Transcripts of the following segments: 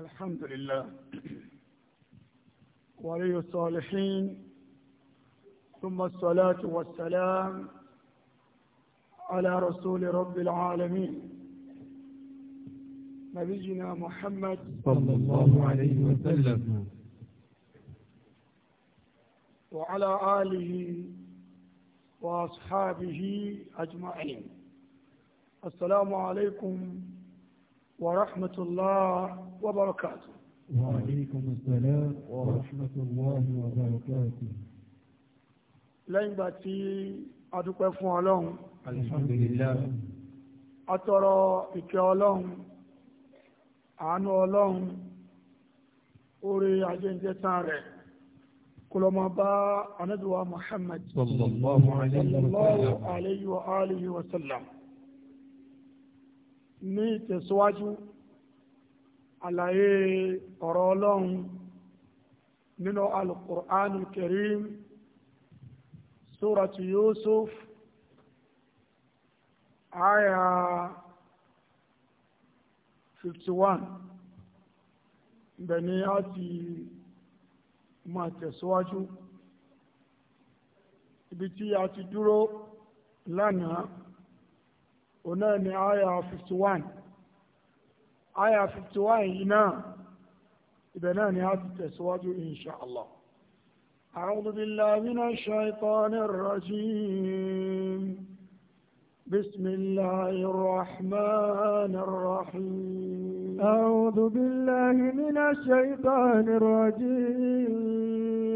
الحمد لله ولي الصالحين ثم الصلاة والسلام على رسول رب العالمين نبينا محمد صلى الله عليه وسلم وعلى آله وأصحابه أجمعين السلام عليكم ورحمة الله وبركاته وعليكم السلام ورحمة الله وبركاته lẹ́yìn gbà tí a dúpẹ́ fún ọlọ́run alhamdulillah a tọrọ ìkẹ́ ọlọ́run àánú ọlọ́run orí ajẹ́jẹ́ta rẹ̀ kọlọmọ bá anábíwá muhammad sallallahu alayhi wa alihi wa sallam ní ìtẹ̀síwájú àlàyé ọ̀rọ̀ ọlọ́run nínú alukur'an karim suratu yusuf aya fifty one ibẹ̀ ni a ti máa tẹ̀síwájú ibi tí a ti dúró lánàá òun ni aya fifty àyà fifty one yìí náà ibẹ̀ náà ni a ti tẹ̀síwájú insha allah. أعوذ بالله من الشيطان الرجيم بسم الله الرحمن الرحيم أعوذ بالله من الشيطان الرجيم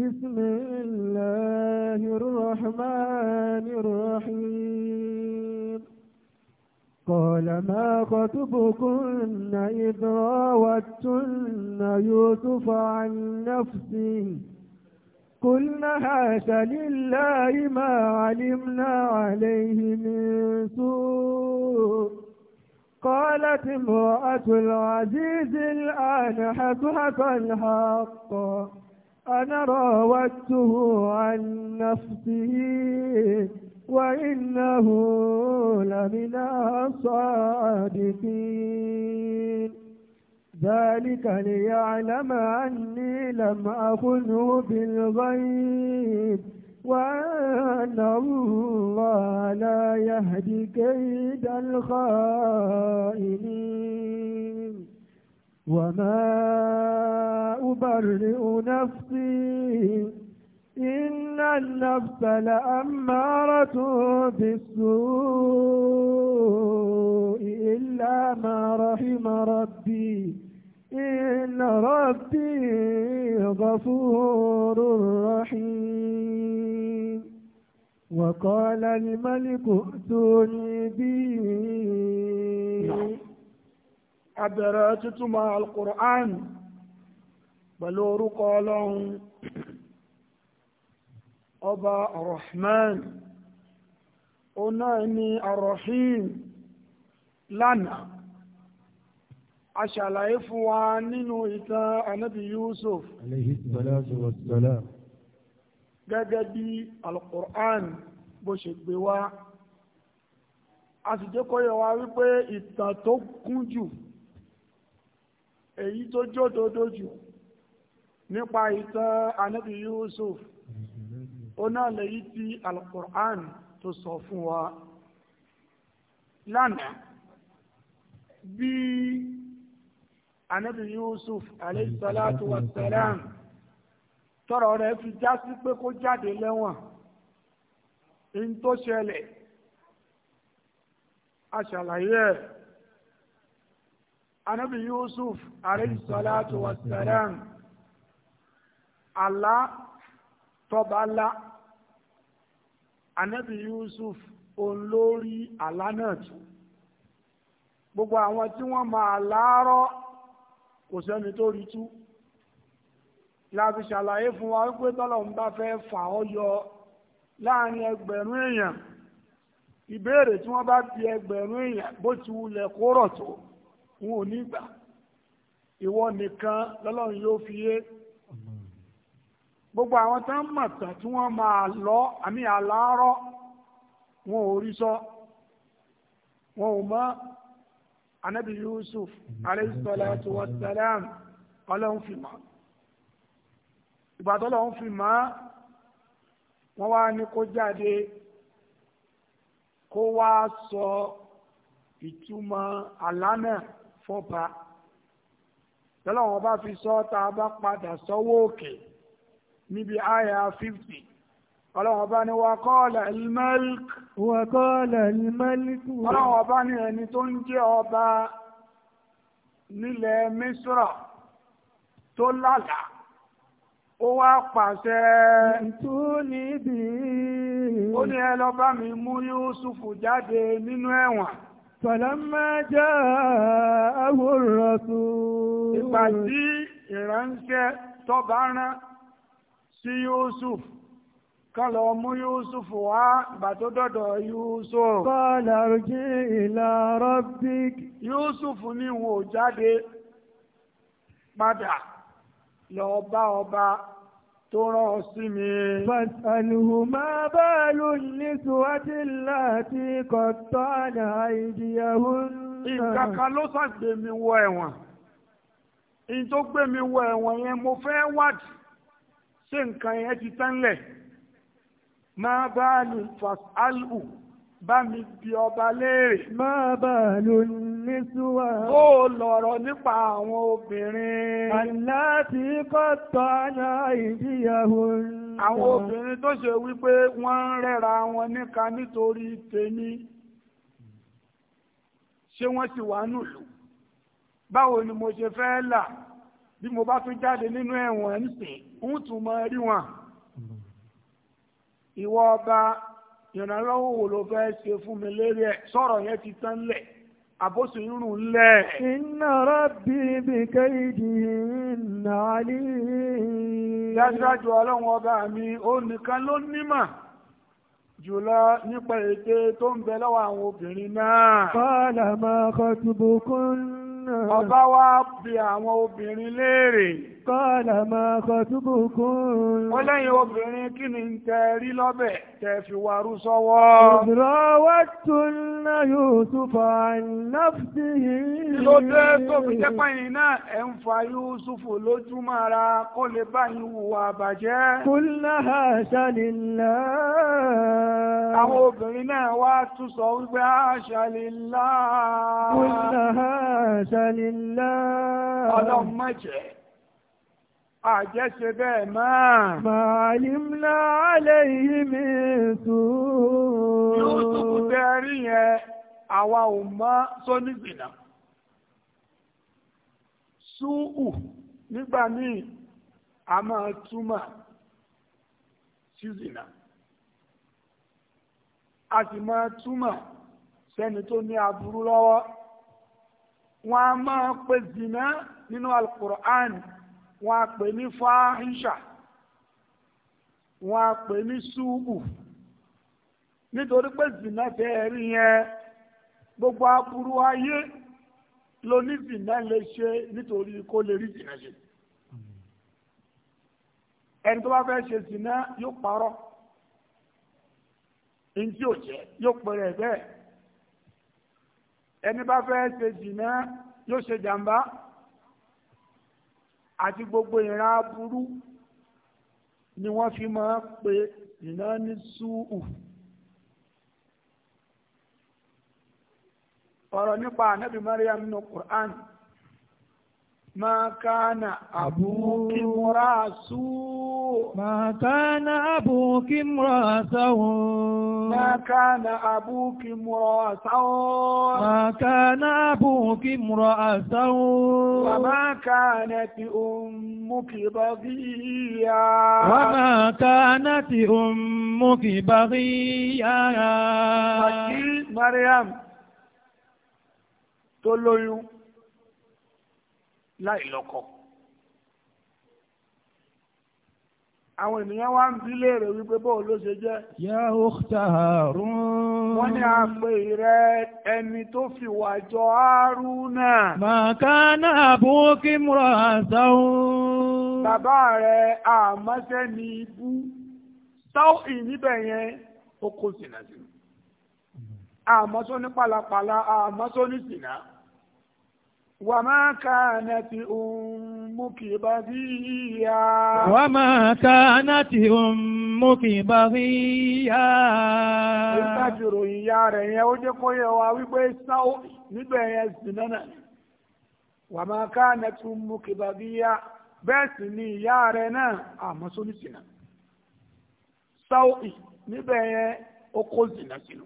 بسم الله الرحمن الرحيم قال ما خطبكن إذ راوتن يوسف عن نفسه قلنا هذا لله ما علمنا عليه من سوء قالت امرأة العزيز الآن حسحك الحق أنا راودته عن نفسه وإنه لمن الصادقين ذلك ليعلم أني لم أخذه بالغيب وأن الله لا يهدي كيد الخائنين وما أبرئ نفسي النفس لأمارة بالسوء إلا ما رحم ربي إن ربي غفور رحيم وقال الملك ائتوني به مع القرآن بلور orúkọ ọba arahman ọ̀nà ni arahim lánàá a ṣàlàyé fún wa nínú ìtàn anábì yusuf alayhi salatu wassalam gẹ́gẹ́ bí alukur'an bó ṣe gbé wá a sì jẹ́ kó yé wa wípé ìtàn tó kún jù èyí tó jódodo jù nípa ìtàn anábì yusuf ó náà lèyí tí alukur'an tó sọ fún wa lánàá bí anabi yusuf alayhi salatu wa tọrọ rẹ̀ fi já sí pé kó jáde lẹ́wọ̀n in tó ṣẹlẹ̀ aṣàlàyé anabi yusuf alayhi salatu wa ala àlá tọba anabi yusuf olórí àlá náà tù gbogbo àwọn tí wọ́n máa láárọ̀ kò sẹ́ni tó rí tú láti ṣàlàyé fún wa wípé tọ́lọ́run bá fẹ́ fà ọ́ yọ láàrin ẹgbẹ̀rún èèyàn ìbéèrè tí wọ́n bá bi ẹgbẹ̀rún èèyàn bó ti wulẹ̀ kó rọ̀ tó wọn ò ní gbà ìwọ nìkan lọ́lọ́run yóò fi yé gbogbo àwọn tó ń mọ̀tàn tí wọ́n máa lọ àmì àlárọ́ wọn ò rí sọ wọn ò mọ́ anabi yusuf aleyhisalatu wasalam ọlọ́run fi mọ́ ìgbà tó lọ́run fi mọ́ wọ́n wá ní kó jáde kó wá sọ ìtumọ̀ àlánà fọ́ba tọ́lọ́wọ́n bá fi sọ tá bá padà sọ́wọ́ òkè níbi àyà 50 ọlọ́run ọba ni wà kọ́ọ̀lá ilmẹ́lìk wà kọ́ọ̀lá ilmẹ́lìk ọlọ́run ọba ni ẹni tó ń jẹ́ ọba nílẹ̀ Mísírà tó lálàá ó wá pàṣẹ tó níbi ó ní ẹ mi mú Yúsùfù jáde nínú ẹ̀wọ̀n Fọ̀lọ́mọ́ jẹ́ àwòrán tó. Ìgbà tí ìránṣẹ́ tọ́ba rán sí Yusuf kálọ̀ mú Yusuf wá ìgbà tó dọ̀dọ̀ Yusuf. Kọ́lá rújí ìlà rọ́bík. Yusuf ní wọn ò jáde padà lọ bá ọba tó rán ọ sí mi. Fàtàlùhù máa bá lù ní Sùwádìí láti kọ̀tọ́ àdá ìdíyàwó náà. Ìkàkà ló ṣàgbé mi wọ ẹ̀wọ̀n. Ìyí tó gbé mi wọ ẹ̀wọ̀n yẹn mo fẹ́ wádìí ṣé nǹkan yẹn ti tánlẹ̀ máa bá lu fasalu bá mi bi ọba léèrè. máa bá lu nísúwà. ó lọ̀rọ̀ nípa àwọn obìnrin. aláàtì kọ́tọ̀ àná ìdíyàwó. àwọn obìnrin tó ṣe wípé wọ́n ń rẹ́ra wọn níka nítorí tèmi ṣé wọ́n ti wà nù báwo ni mo ṣe fẹ́ là bí mo bá tún jáde nínú ẹ̀wọ̀n ẹ̀ ń sìn ń tún mọ rí wọn ìwọ ọba ìrànlọ́wọ́ wo ló fẹ́ ṣe fún mi lérí ẹ̀ sọ̀rọ̀ yẹn ti tán lẹ̀ àbóṣù irun lẹ̀. iná rábì bí kéèdì iná àlè. dájúdájú ọlọ́run ọba mi ó nìkan ló nímọ̀ jùlọ nípa ète tó ń bẹ lọ́wọ́ àwọn obìnrin náà. fàlàmà kọtùbùkún náà. ọba wa bi àwọn obìnrin léèrè. kọ́ọ̀lá máa kọ túbù kún. wọ́n lẹ́yìn obìnrin kí ni ń tẹ rí lọ́bẹ̀ tẹ fi warú sọ́wọ́. ìdúró wá tún náà yóò tún fa náfìsì yìí. ló dé tóbi jẹ́pẹ́ fa Yúsùfù lójúmọ́ ara kó lè bá yín hùwà bàjẹ́. kúnlá àṣà nìlá. àwọn obìnrin náà wá tún sọ wípé àṣà nìlá. kúnlá àjẹṣe bẹ́ẹ̀ máa. Màálìm láàlẹ́ yìí mi tó. Yóò tó kú tẹ́ rí yẹn, àwa ò mọ̀ sónígbìnà. Súhù nígbà míì a máa sì máa túmọ̀ sẹ́ni tó ní aburú lọ́wọ́. Wọ́n a máa pè zìnà nínú al wọ́n á pè ní fáhíṣà wọ́n á pè ní ṣúùbù nítorí pé zìnà tẹ ẹ̀rí yẹn gbogbo aburú ayé ló ní zìnà lè ṣe nítorí kó lè rí zìnà ṣe ẹni tó bá fẹ́ ṣe zìnà yóò parọ́ ní ò jẹ́ yóò pẹ̀rẹ̀ bẹ́ẹ̀ ẹni bá fẹ́ ṣe zìnà yóò ṣe jàǹbá àti gbogbo ìran aburú ni wọ́n fi máa ń pe iná ní súù. ọ̀rọ̀ nípa ànábì Maryam nínú Qur'an. ما كان أبوك امرأ سوء ما كان أبوك امرأ سوء ما كان أبوك امرأ سوء ما كان أبوك امرأ سوء وما كانت أمك بغيا وما كانت أمك بغيا مريم تلويو láì lọ́kọ. àwọn ènìyàn wá ń bí léèrè wípé bóò ló ṣe jẹ́. yá òkúta àrùn. wọ́n ní a pè rẹ ẹni tó fi wà jọ Hárúnà. màkánà àbókí múra sáwọn. bàbá rẹ àmọ́sẹ́ ní ibú sáwọn ìníbẹ̀ yẹn ó kó sínà sínú. àmọ́sọ́ ní pàlàpàlà àmọ́sọ́ ní sínà. وما كانت أمك بغيا وما كانت أمك بغيا ìtàjùrò ìyá rẹ̀ yẹn ó jẹ́ kó yẹ wá wípé sáó níbẹ̀ yẹn sì nánà وما كانت أمك بغيا bẹ́ẹ̀ sì ni ìyá rẹ̀ náà àmọ́ sólìsì náà sáó níbẹ̀ yẹn ó kó zìnà sínú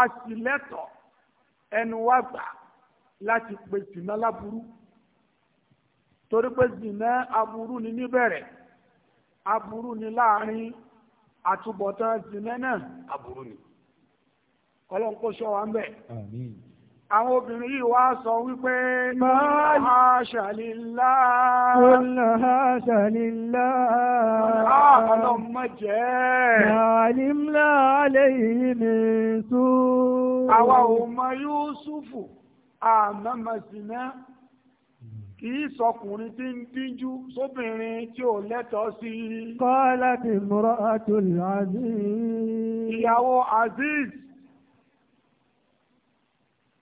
a sì lẹ́tọ̀ọ́ ẹnu wá gbàá láti pe zina láburú torí pé zina aburú ni níbẹ̀rẹ̀ aburú ni láàrin àtúbọ̀tán zina náà aburú ni ọlọ́run kó sọ wa ń bẹ̀. àmín àwọn obìnrin yìí wá sọ wípé máṣàlélá máṣàlélá ọlọ́mọjẹ́ àlìmlá aléyìí mi sùn. àwa ò mọ Yúsùfù àmọ́mọ́sìnà hmm. kì í sọkùnrin tí ń díjú sóbìnrin tí ò lẹ́tọ̀ọ́ sí i. kọ́lá ti múra àtòlì aziz. ìyàwó aziz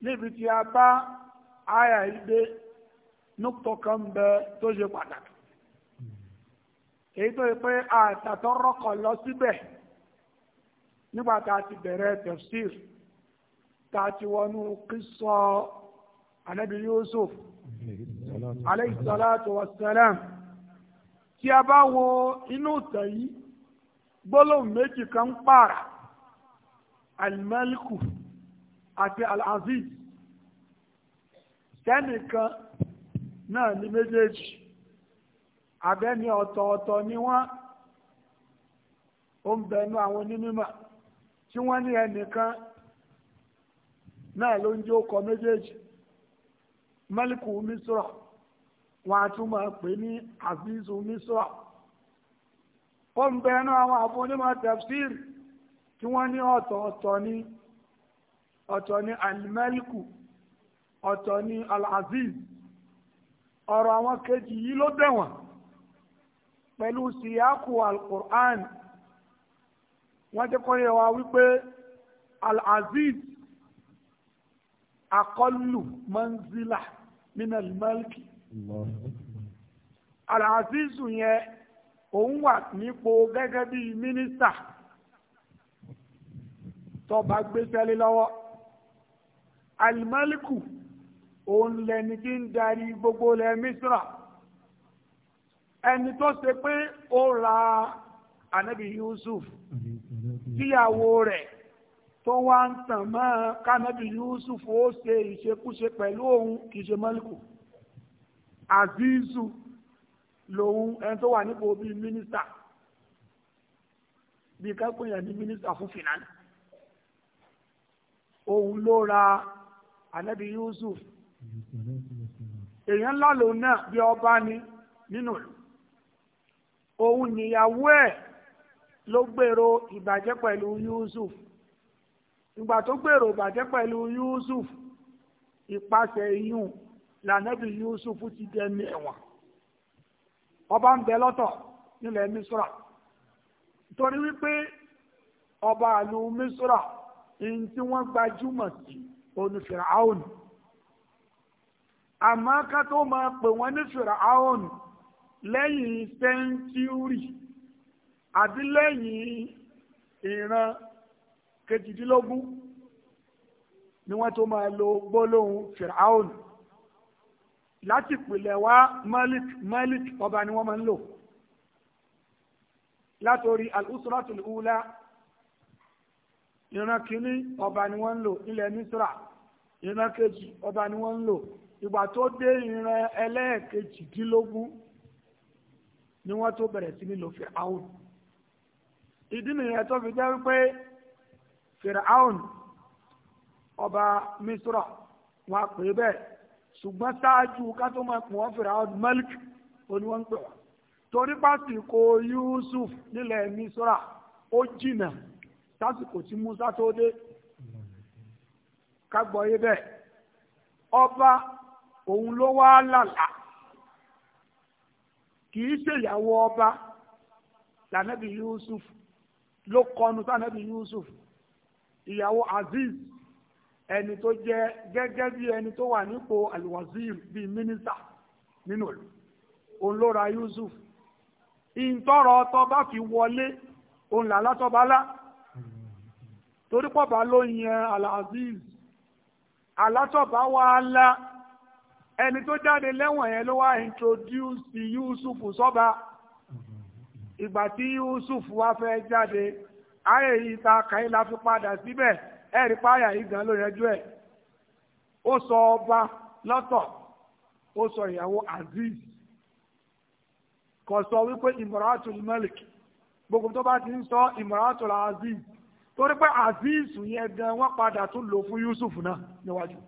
níbi tí a bá àyà ìgbé nùtọ̀ kan bẹ tó ṣe pàtàkì. Hmm. èyí tó yẹ pé àtàtọ́rọ́kọ̀ lọ síbẹ̀ nígbà tá a ti bẹ̀rẹ̀ tafsir tá a ti wọnú kí sọ anabi yusuf alayhi salatu wa salam tí a bá wo inú ìtàn yìí gbólóhùn méjì kan ń pààrà alimẹ́líkù àti alaziz sẹ́nìkan náà ní méjèèjì abẹ́ni ọ̀tọ̀ọ̀tọ̀ ni wọ́n ó ń bẹnu àwọn onímọ̀ tí wọ́n ní ẹnìkan náà ló ń jẹ́ méjèèjì mẹ́líkù misra wọn a tún máa pè ní àfíìsù misra ó ń bẹ ẹnu àwọn àfọnímọ̀ tafsir tí wọ́n ní ọ̀tọ̀ọ̀tọ̀ ní ọ̀tọ̀ ní alimẹ́líkù ọ̀tọ̀ ní alaziz ọ̀rọ̀ àwọn kejì yìí ló dẹ̀wọ̀n pẹ̀lú síyáàkù alukur'an wọ́n jẹ́ kọ́ yẹ wa wípé alaziz akọlù manzila minal malki alhazizu yẹn òun wà nípò gẹ́gẹ́ bí mínísítà tọba gbéṣẹ́lé lọ́wọ́ alimaliku òun lẹni tí ń darí gbogbo lẹ misra ẹni tó ṣe pé ó ra anabi yusuf tíyàwó rẹ̀ tó wá ń tàn mọ́ kánábì Yusuf ó ṣe ìṣekúṣe pẹ̀lú òun kì í ṣe mọ́líkù azizu lòun ẹni tó wà nípò bíi mínísítà bíi kápẹ́yà ní mínísítà fún finance òun ló ra ànábì Yusuf èèyàn ńlá lòun náà bí ọba ni nínú ìlú òun níyàwó ẹ̀ ló gbèrò ìbàjẹ́ pẹ̀lú Yusuf ìgbà tó gbèrò bàjẹ́ pẹ̀lú Yusuf ìpasẹ̀ iyún lànàbí Yusuf ti dẹni ẹ̀wọ̀n ọba ń bẹ lọ́tọ̀ nílẹ̀ Misra torí wípé ọba àlù Misra ní tí wọ́n gbajúmọ̀ sí òní Fìràáhùn àmọ́ ká tó máa pè wọ́n ní Fìràáhùn lẹ́yìn sẹ́ńtúrì àbí lẹ́yìn ìran kejìdínlógún ni wọ́n tó máa lo gbólóhùn fìràún láti pìlẹ̀ wá malik malik ọba ni wọ́n máa ń lò látòrí al-usratul ula ìran kìíní ọba ni wọ́n ń lò ilẹ̀ misra ìran kejì ọba ni wọ́n ń lò ìgbà tó dé ìran ẹlẹ́ẹ̀kejìdínlógún ni wọ́n tó bẹ̀rẹ̀ sí ní lò fìràún ìdí nìyẹn tó fi jẹ́ wípé firaun ọba misra wọn pè é bẹ́ẹ̀ ṣùgbọ́n ṣáájú ká tó máa pè wọ́n firaun malik oní wọ́n ń pè wọ́n torí pásìkò yusuf nílẹ̀ misra ó jìnà sásìkò tí musa tó dé ká yé bẹ́ẹ̀ ọba òun ló wá lálà kì í ṣèyàwó ọba lànàbí yusuf ló kọnu sànàbí yusuf ìyàwó Aziz ẹni tó jẹ gẹ́gẹ́ bí ẹni tó wà nípò alwazir bíi mínísítà nínú ìlú òun ló ra Yusuf ìǹtọrọ ọtọ bá fi wọlé òun làlá tọbalá torí pọ̀bá ló yan Al-Aziz alátọ̀bá wá lá ẹni tó jáde lẹ́wọ̀n yẹn ló wá introduce Yusuf sọ́ba ìgbà tí Yusuf wá fẹ́ jáde. ààrẹ yìí ta kàí la fi padà síbẹ̀ ẹ̀rí páyà yìí gan ló yanjú ẹ̀ ó sọ ọba lọ́tọ̀ ó sọ ìyàwó aziz kò sọ wípé imratul malik gbogbo tó bá ti ń sọ imratul aziz torí pé aziz yẹn gan wọ́n padà tún lò fún yusuf náà níwájú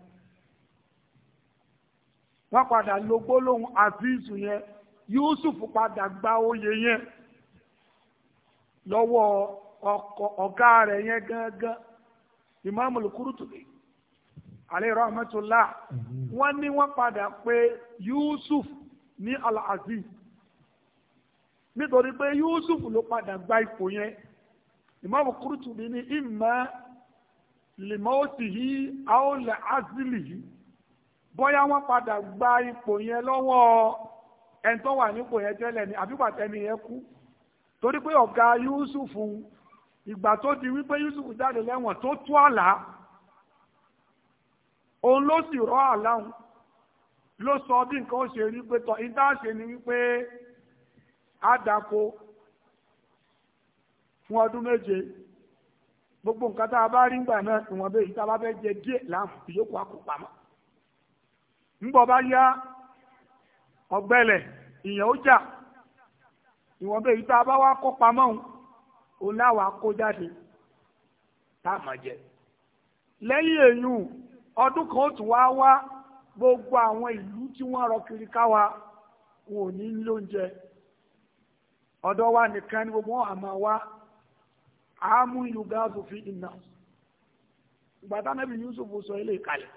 wọ́n padà lo gbólóhùn aziz yẹn yusuf padà gba oyè yẹn lọ́wọ́ ọ̀gá rẹ̀ yẹn gángan Imamul Qurtubi alayhi rahmatullah mm-hmm. Wọn ní wọn padà pé Yusuf ní Al-Aziz nítorí pé Yusuf ló padà gba ipò yẹn Imamul Qurtubi ní imma limawtihi aw li'azlihi bóyá wọn padà gba ipò yẹn lọwọ ẹni tó wà nípò yẹn tẹ́lẹ̀ ni àbí pàtẹ́ni yẹn kú torí pé ọ̀gá Yusuf ń. ìgbà tó di wípé Yusuf jáde lẹ́wọ̀n tó tú àlá òun ló sì rọ àláhùn ló sọ bí nǹkan ó ṣe rí pé tọ ìdá ṣe ni wípé á dáko fún ọdún méje gbogbo nǹkan tá a bá rí ngbà náà ìwọ̀n bẹ́ẹ̀ ìta bá fẹ́ jẹ díẹ̀ láàmú ìyókù àkópamọ́ ńgbọ́ bá yá ọ̀gbẹ́lẹ̀ ìyẹn ó jà ìwọ̀n bẹ́ẹ̀ ìta bá wá kópamọ́ òun. òun kó jáde tá a máa jẹ ọdún kan ó tún wá wá gbogbo àwọn ìlú tí wọ́n rọ kiri káwa wọn ò ní jẹ ọdọ wa nìkan ni gbogbo wa àámú ìlú gáàsù fi ìnà ìgbà tánábì Yusuf sọ ilé ìkàlẹ̀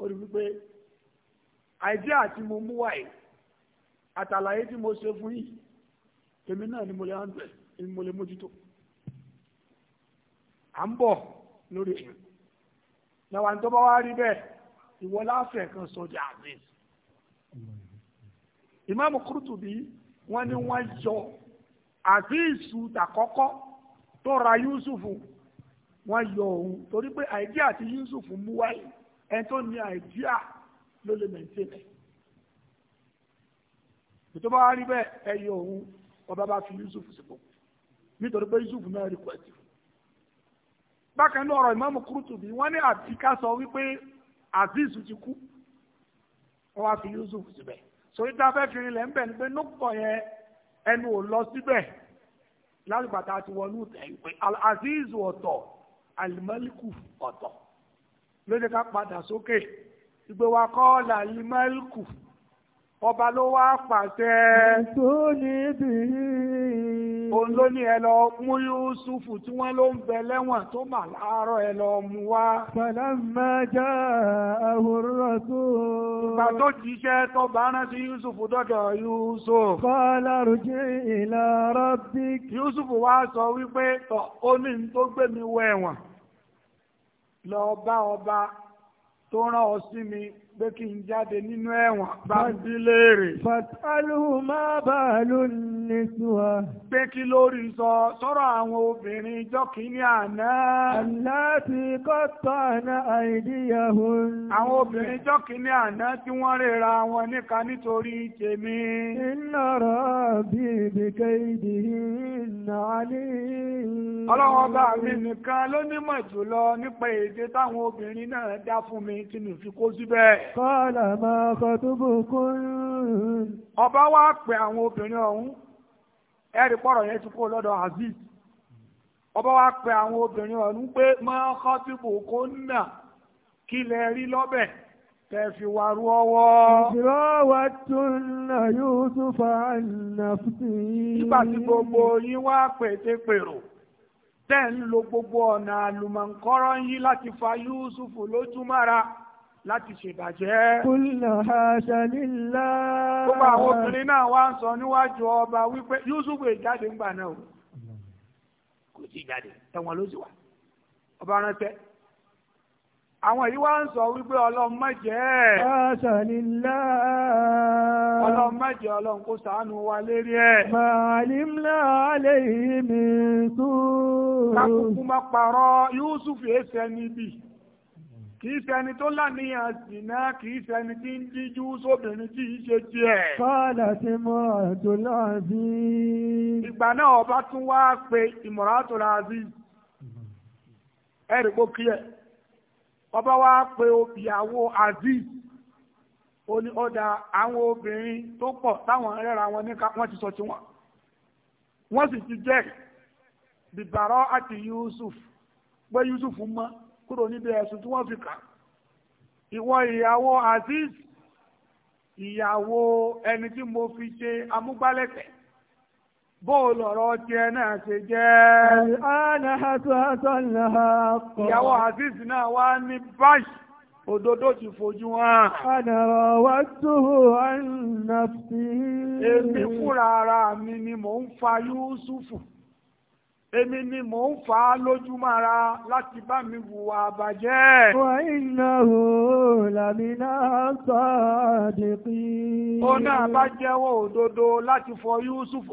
ó rí wípé mo mú wáyé àtàlàyé tí mo ṣe fún yìí èmi náà ni mo lè mójútó à ń bọ̀ lórí èèyàn làwọn tó bá wá rí bẹ́ẹ̀ ìwọ láfẹ̀ẹ́ kan sọ di aziz ìmáàmù Qurtubi wọ́n ní wọ́n yọ azizu tàkọ́kọ́ tó ra Yusuf wọ́n yọ òun torí pé àìdíà tí Yusuf mú wáyé ẹni tó ní àìdíà ló lè mẹ̀ntẹ́lẹ̀ tó bá wá rí bẹ́ẹ̀ ẹ yọ òun ọba bá fi Yusuf sípò nítorí pé yusuf náà rí pẹ̀tì bákan náà ọ̀rọ̀ ìmáàmù Qurtubi wọ́n ní àti ká sọ wípé azeez ti kú wọ́n wá fi yusuf síbẹ̀ sórí tá a fẹ́ fi rinlẹ̀ ń bẹ̀ ni pé nùpọ̀ yẹn ẹnu ò lọ síbẹ̀ lásìkò àti àti wọnú tẹ̀yìn pé azeez ọ̀tọ̀ alimẹ́líkù ọ̀tọ̀ lóde ká padà sókè ìgbé kọ́ là alimẹ́líkù ọba ló wá pàṣẹ. ètò níbi yìí òun ló ní ẹ lọ mú Yúsúfù tí wọ́n ló ń bẹ lẹ́wọ̀n tó mà láàárọ̀ ẹ lọ mú wá. Falamma ja'ahu ar-rasul. Ìgbà tó jíṣẹ́ tó bá rán sí Yúsúfù dọ́dọ̀ Yúsúf. Qala irji' ila rabbik. Yúsúfù wá sọ wípé tọ̀ ó ní ní tó gbé mi wọ ẹ̀wọ̀n. Lọ bá ọba tó rán ọ sí mi pé kí n jáde nínú ẹ̀wọ̀n bá ń bí léèrè. a ní sùwà. pé kí lórí sọ sọ̀rọ̀ àwọn obìnrin ijọ́ àná. aláàtì kọ́tọ̀ àná àìdíyàwó. àwọn obìnrin àná tí wọ́n wọn níka nítorí tèmi. iná rọ̀ bí ibìkẹ́ ìdí iná alẹ́. ọlọ́wọ́n bá mi nìkan ló jùlọ nípa èdè táwọn obìnrin náà dá fún mi mi fi kó síbẹ̀. Kọ́lá máa kọ túbù kún. Ọba wá pè àwọn obìnrin ọ̀hún. Ẹ̀rí pọ̀rọ̀ yẹn ti kó lọ́dọ̀ Aziz. Ọba wá pè àwọn obìnrin ọ̀hún pé máa kọ túbù kún náà kí lẹ rí lọ́bẹ̀ tẹ̀fi wà rú ọwọ́. ìṣirò wa tún nà yóò tún fa ànàfùtì. nígbà tí gbogbo yín wá pète pèrò tẹ́ ń lo gbogbo ọ̀nà àlùmọ̀ǹkọ́rọ́ yín láti fa Yúsùfù lójúmọ́ra láti ṣèbàjẹ́. Kúlọ̀ àṣàlélá. Gbogbo àwọn obìnrin náà wá ń sọ níwájú ọba wípé Yúsùfù ìjáde ń gbà náà o. Kò sí ìjáde, ẹ̀wọ̀n ló sì wà. Ọba rántẹ́. Àwọn yìí wá ń sọ wípé ọlọ́run má jẹ́. Àṣàlélá. Ọlọ́run má jẹ́ ọlọ́run kó ṣàánú wa lérí ẹ̀. Màálímlá alẹ́ yìí mi sùn. Kákùkù má parọ́ Yúsùfù èsẹ̀ níbí. kìí ṣẹni tó láníyàn sínà kìí ṣẹni tí ń díjú sóbìnrin tí í ṣe tiẹ̀. kọ́ọ̀dà ti mọ ètò náà náà ọba tún wá pe ìmọ̀ràn ọba wá pe aziz ó ní àwọn obìnrin tó pọ̀ táwọn wọn ní sọ wọ́n ti àti yusuf pé yusuf kúrò níbi ẹ̀sùn tí wọ́n fi kà ìwọ ìyàwó aziz ìyàwó ẹni tí mo fi ṣe amúgbálẹ́tẹ̀ bóòlù ọ̀rọ̀ tiẹ̀ náà ṣe jẹ́. ana hasata ìyàwó aziz náà wá ní báyìí òdodo ti fojú hàn. ana rawatuhu an nafsi. èmi fúnra ara mi ni mò ń fa Yusufu èmi ni mò ń fà á lójúmọ́ láti bá mi wùwà àbàjẹ́. wà innahu lamina sadiqin. ó náà bá òdodo láti fọ Yusuf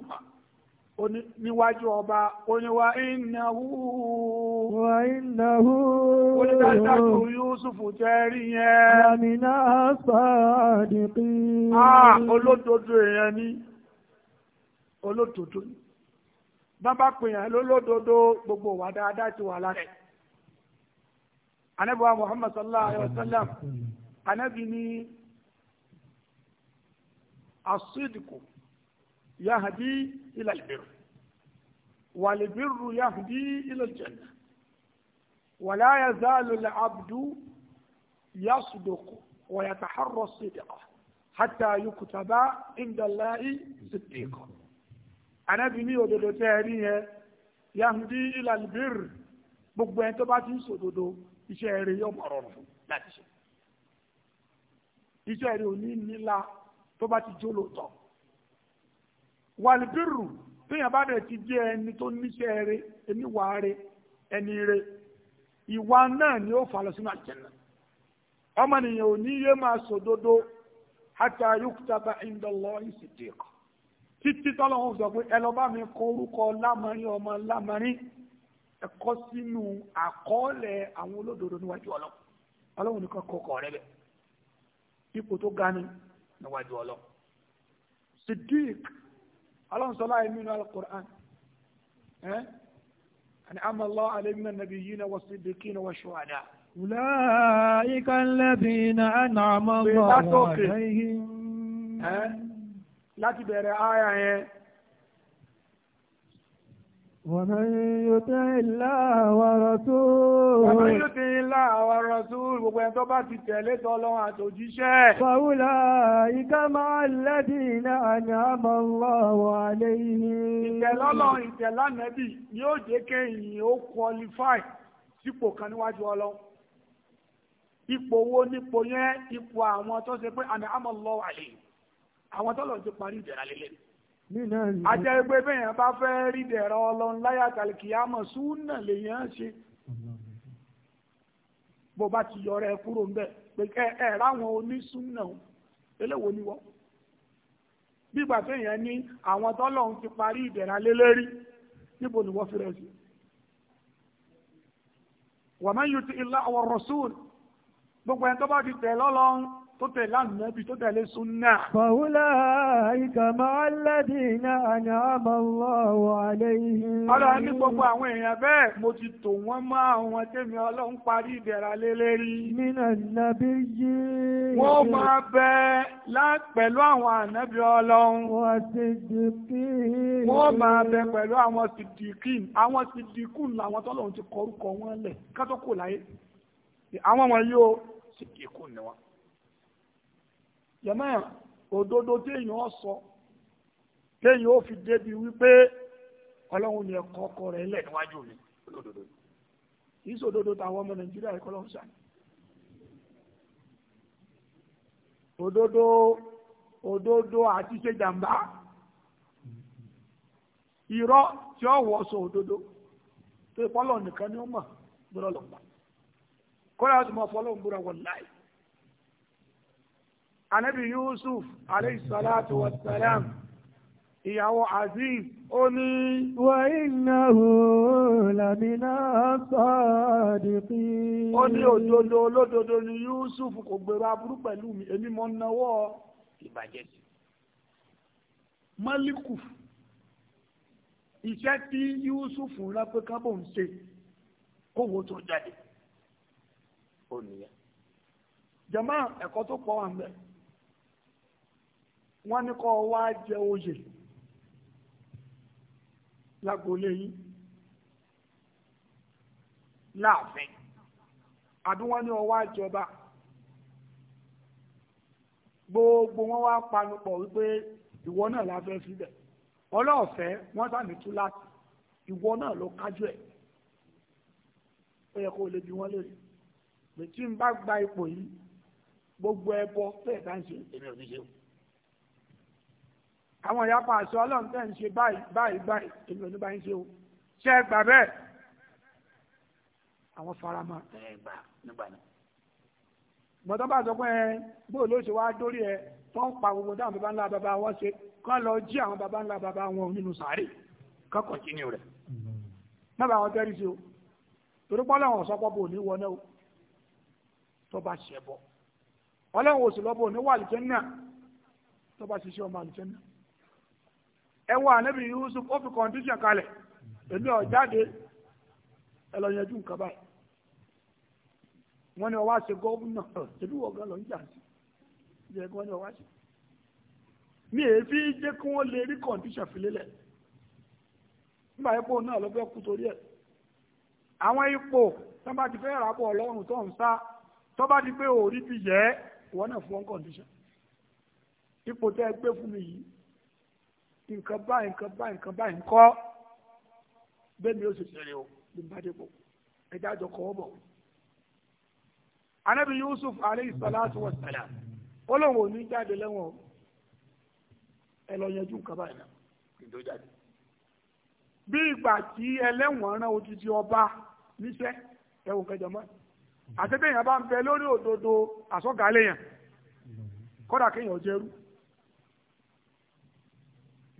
níwájú ọba oníwà innahu. wà innahu. onídàájú Yusuf jẹ́ rí yẹn. lamina sadiqin. a ah, olódodo èèyàn ni olódodo ni bábá pèèyàn lólódodo gbogbo wa dáadáa ti wà lára ẹ̀ anabiwa muhammad sallallahu alayhi wa sallam anabi ni asidiku yahadi ila albiru walbiru yahadi ila aljanna wala yazalu alabdu yasduku wa yataharra sidiqa hatta yukutaba inda allahi sidiqa. anábì ní òdodo tẹ́ ẹ rí yẹn yahudi ilalibir gbogbo ẹni tó bá ti ń sòdodo iṣẹ́ rẹ̀ yóò mọ̀ rọrùn fún láti ṣe iṣẹ́ ò ní nílá tó bá ti jó lóòótọ́ wàlìbírù téèyàn bá dẹ̀ ti jẹ́ ẹni tó níṣẹ́ rẹ̀ oníwà rẹ̀ ẹni rẹ̀ ìwà náà ni ó fà lọ sínú àjẹnà ọmọnìyàn ò ní yé máa sòdodo hátà títí tọ́lọ́hún sọ pé ẹ lọ bá mi kọ orúkọ lámarin ọmọ lámarin ẹ kọ sínú àkọọ́lẹ̀ àwọn olódodo níwájú ọlọ́ ọlọ́run nìkan kọkọ rẹ bẹ ipò tó ga ni níwájú ọlọ́ sidik ọlọ́run sọ láì nínú alukur'an ẹ ani amalọ alẹ́mìnà nabiyina wa sidikina wa shuhada. wùlá ikan lẹ́bìnà ànàmọ́ lọ́wọ́ àlẹ́yìn láti bẹ̀rẹ̀ ááyà yẹn. ومن يطع الله ورسوله ومن يطع الله ورسوله gbogbo ẹni tó bá ti tẹ̀lé tọ́lọ́run àtòjíṣẹ́. فأولئك مع الذين أنعم الله عليهم. ìtẹ̀lọ́lọ́run ìtẹ̀lánẹ́bì yóò jẹ́ kéèyàn ó qualify sípò kan níwájú ọlọ́run. ipò wo nípò yẹn ipò àwọn tó ṣe pé أنعم الله عليهم àwọn tọ́lọ̀ ti parí ìdẹ̀ra lélẹ̀. ajá ẹgbẹ́ bẹ́yẹn bá fẹ́ rí dẹ̀ra ọlọ́run láyà kàlìkìyàmọ̀ súnà lèyàn ṣe bó bá ti yọrọ ẹ kúrò ń bẹ pé ẹ ẹ ráwọn onísúnà eléwo ni wọ́n bígbà téèyàn ní àwọn tọ́lọ́run ti parí ìdẹ̀ra lélẹ́rí níbo ni wọ́n fi rẹ̀ sí. wàmẹ́yùtì ilá àwọn rọ̀ṣùn gbogbo ẹ̀ tó bá ti tẹ̀ lọ́lọ́run tó tẹ̀lé ànábì tó tẹ̀lé súnà. Fàwúlà ìkà máa lẹ́dì náà ní àmàlọ́wọ̀ àléyìn. Ọlọ́ ní gbogbo àwọn èèyàn bẹ́ẹ̀ mo ti tò wọ́n mọ́ àwọn tẹ́mi ọlọ́run parí ìdẹ̀ra lélẹ́rí. Nínà nàbí yé. Wọ́n máa bẹ pẹ̀lú àwọn ànábì ọlọ́run. Wọ́n ti dìkì. Wọ́n máa bẹ pẹ̀lú àwọn sìdìkì. Àwọn sìdìkù làwọn tọ́lọ́run ti kọ wọn lẹ̀ kátó kò láyé. Àwọn wọ̀nyí o sìdìkù ni wọn. jẹ́mọ́ òdodo téèyàn sọ téèyàn ó fi débi wípé ọlọ́run ni ẹ̀kọ́ ọkọ rẹ̀ lẹ̀ níwájú mi lódodo kì í sọ òdodo táwọn ọmọ nàìjíríà ẹ̀kọ́ lọ́hùn sàn. òdodo òdodo àti ṣe jàǹbá irọ́ tí ó wọ́ sọ òdodo tó ìpọ́lọ̀ nìkan ni ó mọ̀ gbọ́dọ̀ lọ́gbà wọ̀ anabi yusuf aleyhisalatu wasalam ìyàwó aziz ó ní. wa innahu lamina sadiqin. ó ní òdodo olódodo ni yusuf kò gbèrò aburú pẹ̀lú mi èmi mọ̀ náwó ìbàjẹ́ sí. málíkù iṣẹ́ tí yusuf ń pé kábò ń ṣe kówó tó jáde ó nìyẹn. jama ẹ̀kọ́ tó pọ̀ wà ń bẹ̀rẹ̀ wọ́n ní kọ́ wá jẹ oyè lágboolé yín láàfin àbí wọ́n ní ọwọ́ àjọba gbogbo wọn wá panupọ̀ wípé ìwọ náà la fẹ́ síbẹ̀ ọlọ́ọ̀fẹ́ wọ́n sàmì tú láti ìwọ náà ló kájú ẹ̀ ó yẹ kó lè bí wọ́n lè rí pé tí n bá gba ipò yìí gbogbo ẹbọ fẹ́ẹ̀ bá ń ṣe èmi ò ní ṣe o àwọn ìyá kan àṣọ ọlọ́run tẹ̀ ń ṣe báyìí báyìí báyìí èmi ò ní báyìí ṣe o ṣe é gbà bẹ́ẹ̀ àwọn farama ẹ gbà nígbà náà. gbọ́dọ̀ bá sọ pé ẹ bó ló ṣe wáá dórí ẹ tó ń pa gbogbo táwọn baba ńlá baba wọn ṣe kán lọ jí àwọn baba ńlá baba wọn nínú sàárè kán kọ̀tínú rẹ̀. náà bá wọn tẹ́rì sí o torí pọ́ lọ́wọ́ sọ́pọ̀ bò ní wọlé o tó bá ṣẹ̀ bọ̀ ọlọ́run òsì lọ́bọ̀ ní wà lùjẹ́ náà tó bá ṣiṣẹ́ ọmọ àlùjẹ́ náà ẹ wá ànábì Yusuf ó fi kọ̀ǹdíṣàn kalẹ̀ èmi ọ̀ jáde ẹ lọ yanjú nǹkan báyìí wọ́n ní ọwọ́ àṣẹ gómìnà tẹ̀lé wọ̀gán lọ ń jà sí jẹ́ kí wọ́n ní ọwọ́ àṣẹ mi èéfí jẹ́ kí wọ́n lè rí kọ̀ǹdíṣàn fi lélẹ̀ nígbà ipò náà ló fẹ́ kú torí ẹ̀ àwọn ipò tó bá ti fẹ́ rà ọlọ́run tó ń sá tó bá ti pé òórí ti yẹ ìwọ náà fún wọn ipò tẹ́ ẹ gbé fún mi yìí nǹkan báyìí nǹkan báyìí nǹkan báyìí ńkọ́ bẹ́ẹ̀ ni ó sì ṣẹlẹ̀ o ní bàdébò ẹ̀dá àjọ kọ́ bọ̀. anabi yusuf aleyhi salatu wa salam ó lóun ò ní jáde lẹ́wọ̀n ẹ lọ yanjú nǹkan báyìí náà kì í tó jáde. bí ìgbà tí ẹlẹ́wọ̀n rán odidi ọba níṣẹ́ ẹ̀wọ̀n kẹjọ mọ́ àtẹ́tẹ̀yìn bá ń bẹ lórí òdodo àsọ̀gálẹ̀yàn kọ́dà kéèyàn jẹ́rú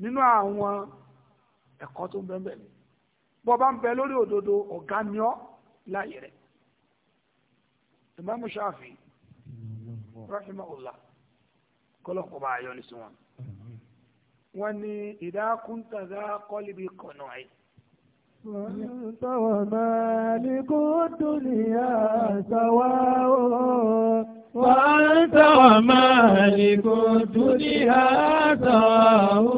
nínú àwọn ẹ̀kọ́ tó ń bẹ́ẹ̀ bẹ́ẹ̀ bọ́ bá ń bẹ lórí òdodo ọ̀gá ni ọ́ láyé rẹ̀ Imam Shafi rahimahullah kọ́lọ́kọ́ bá yọ ní sí wọn. wọ́n ní ìdá kúntà dá kọ́líbi kọ̀nà àìsí. أنت ومالك الدنيا سواء وأنت ومالك الدنيا سواء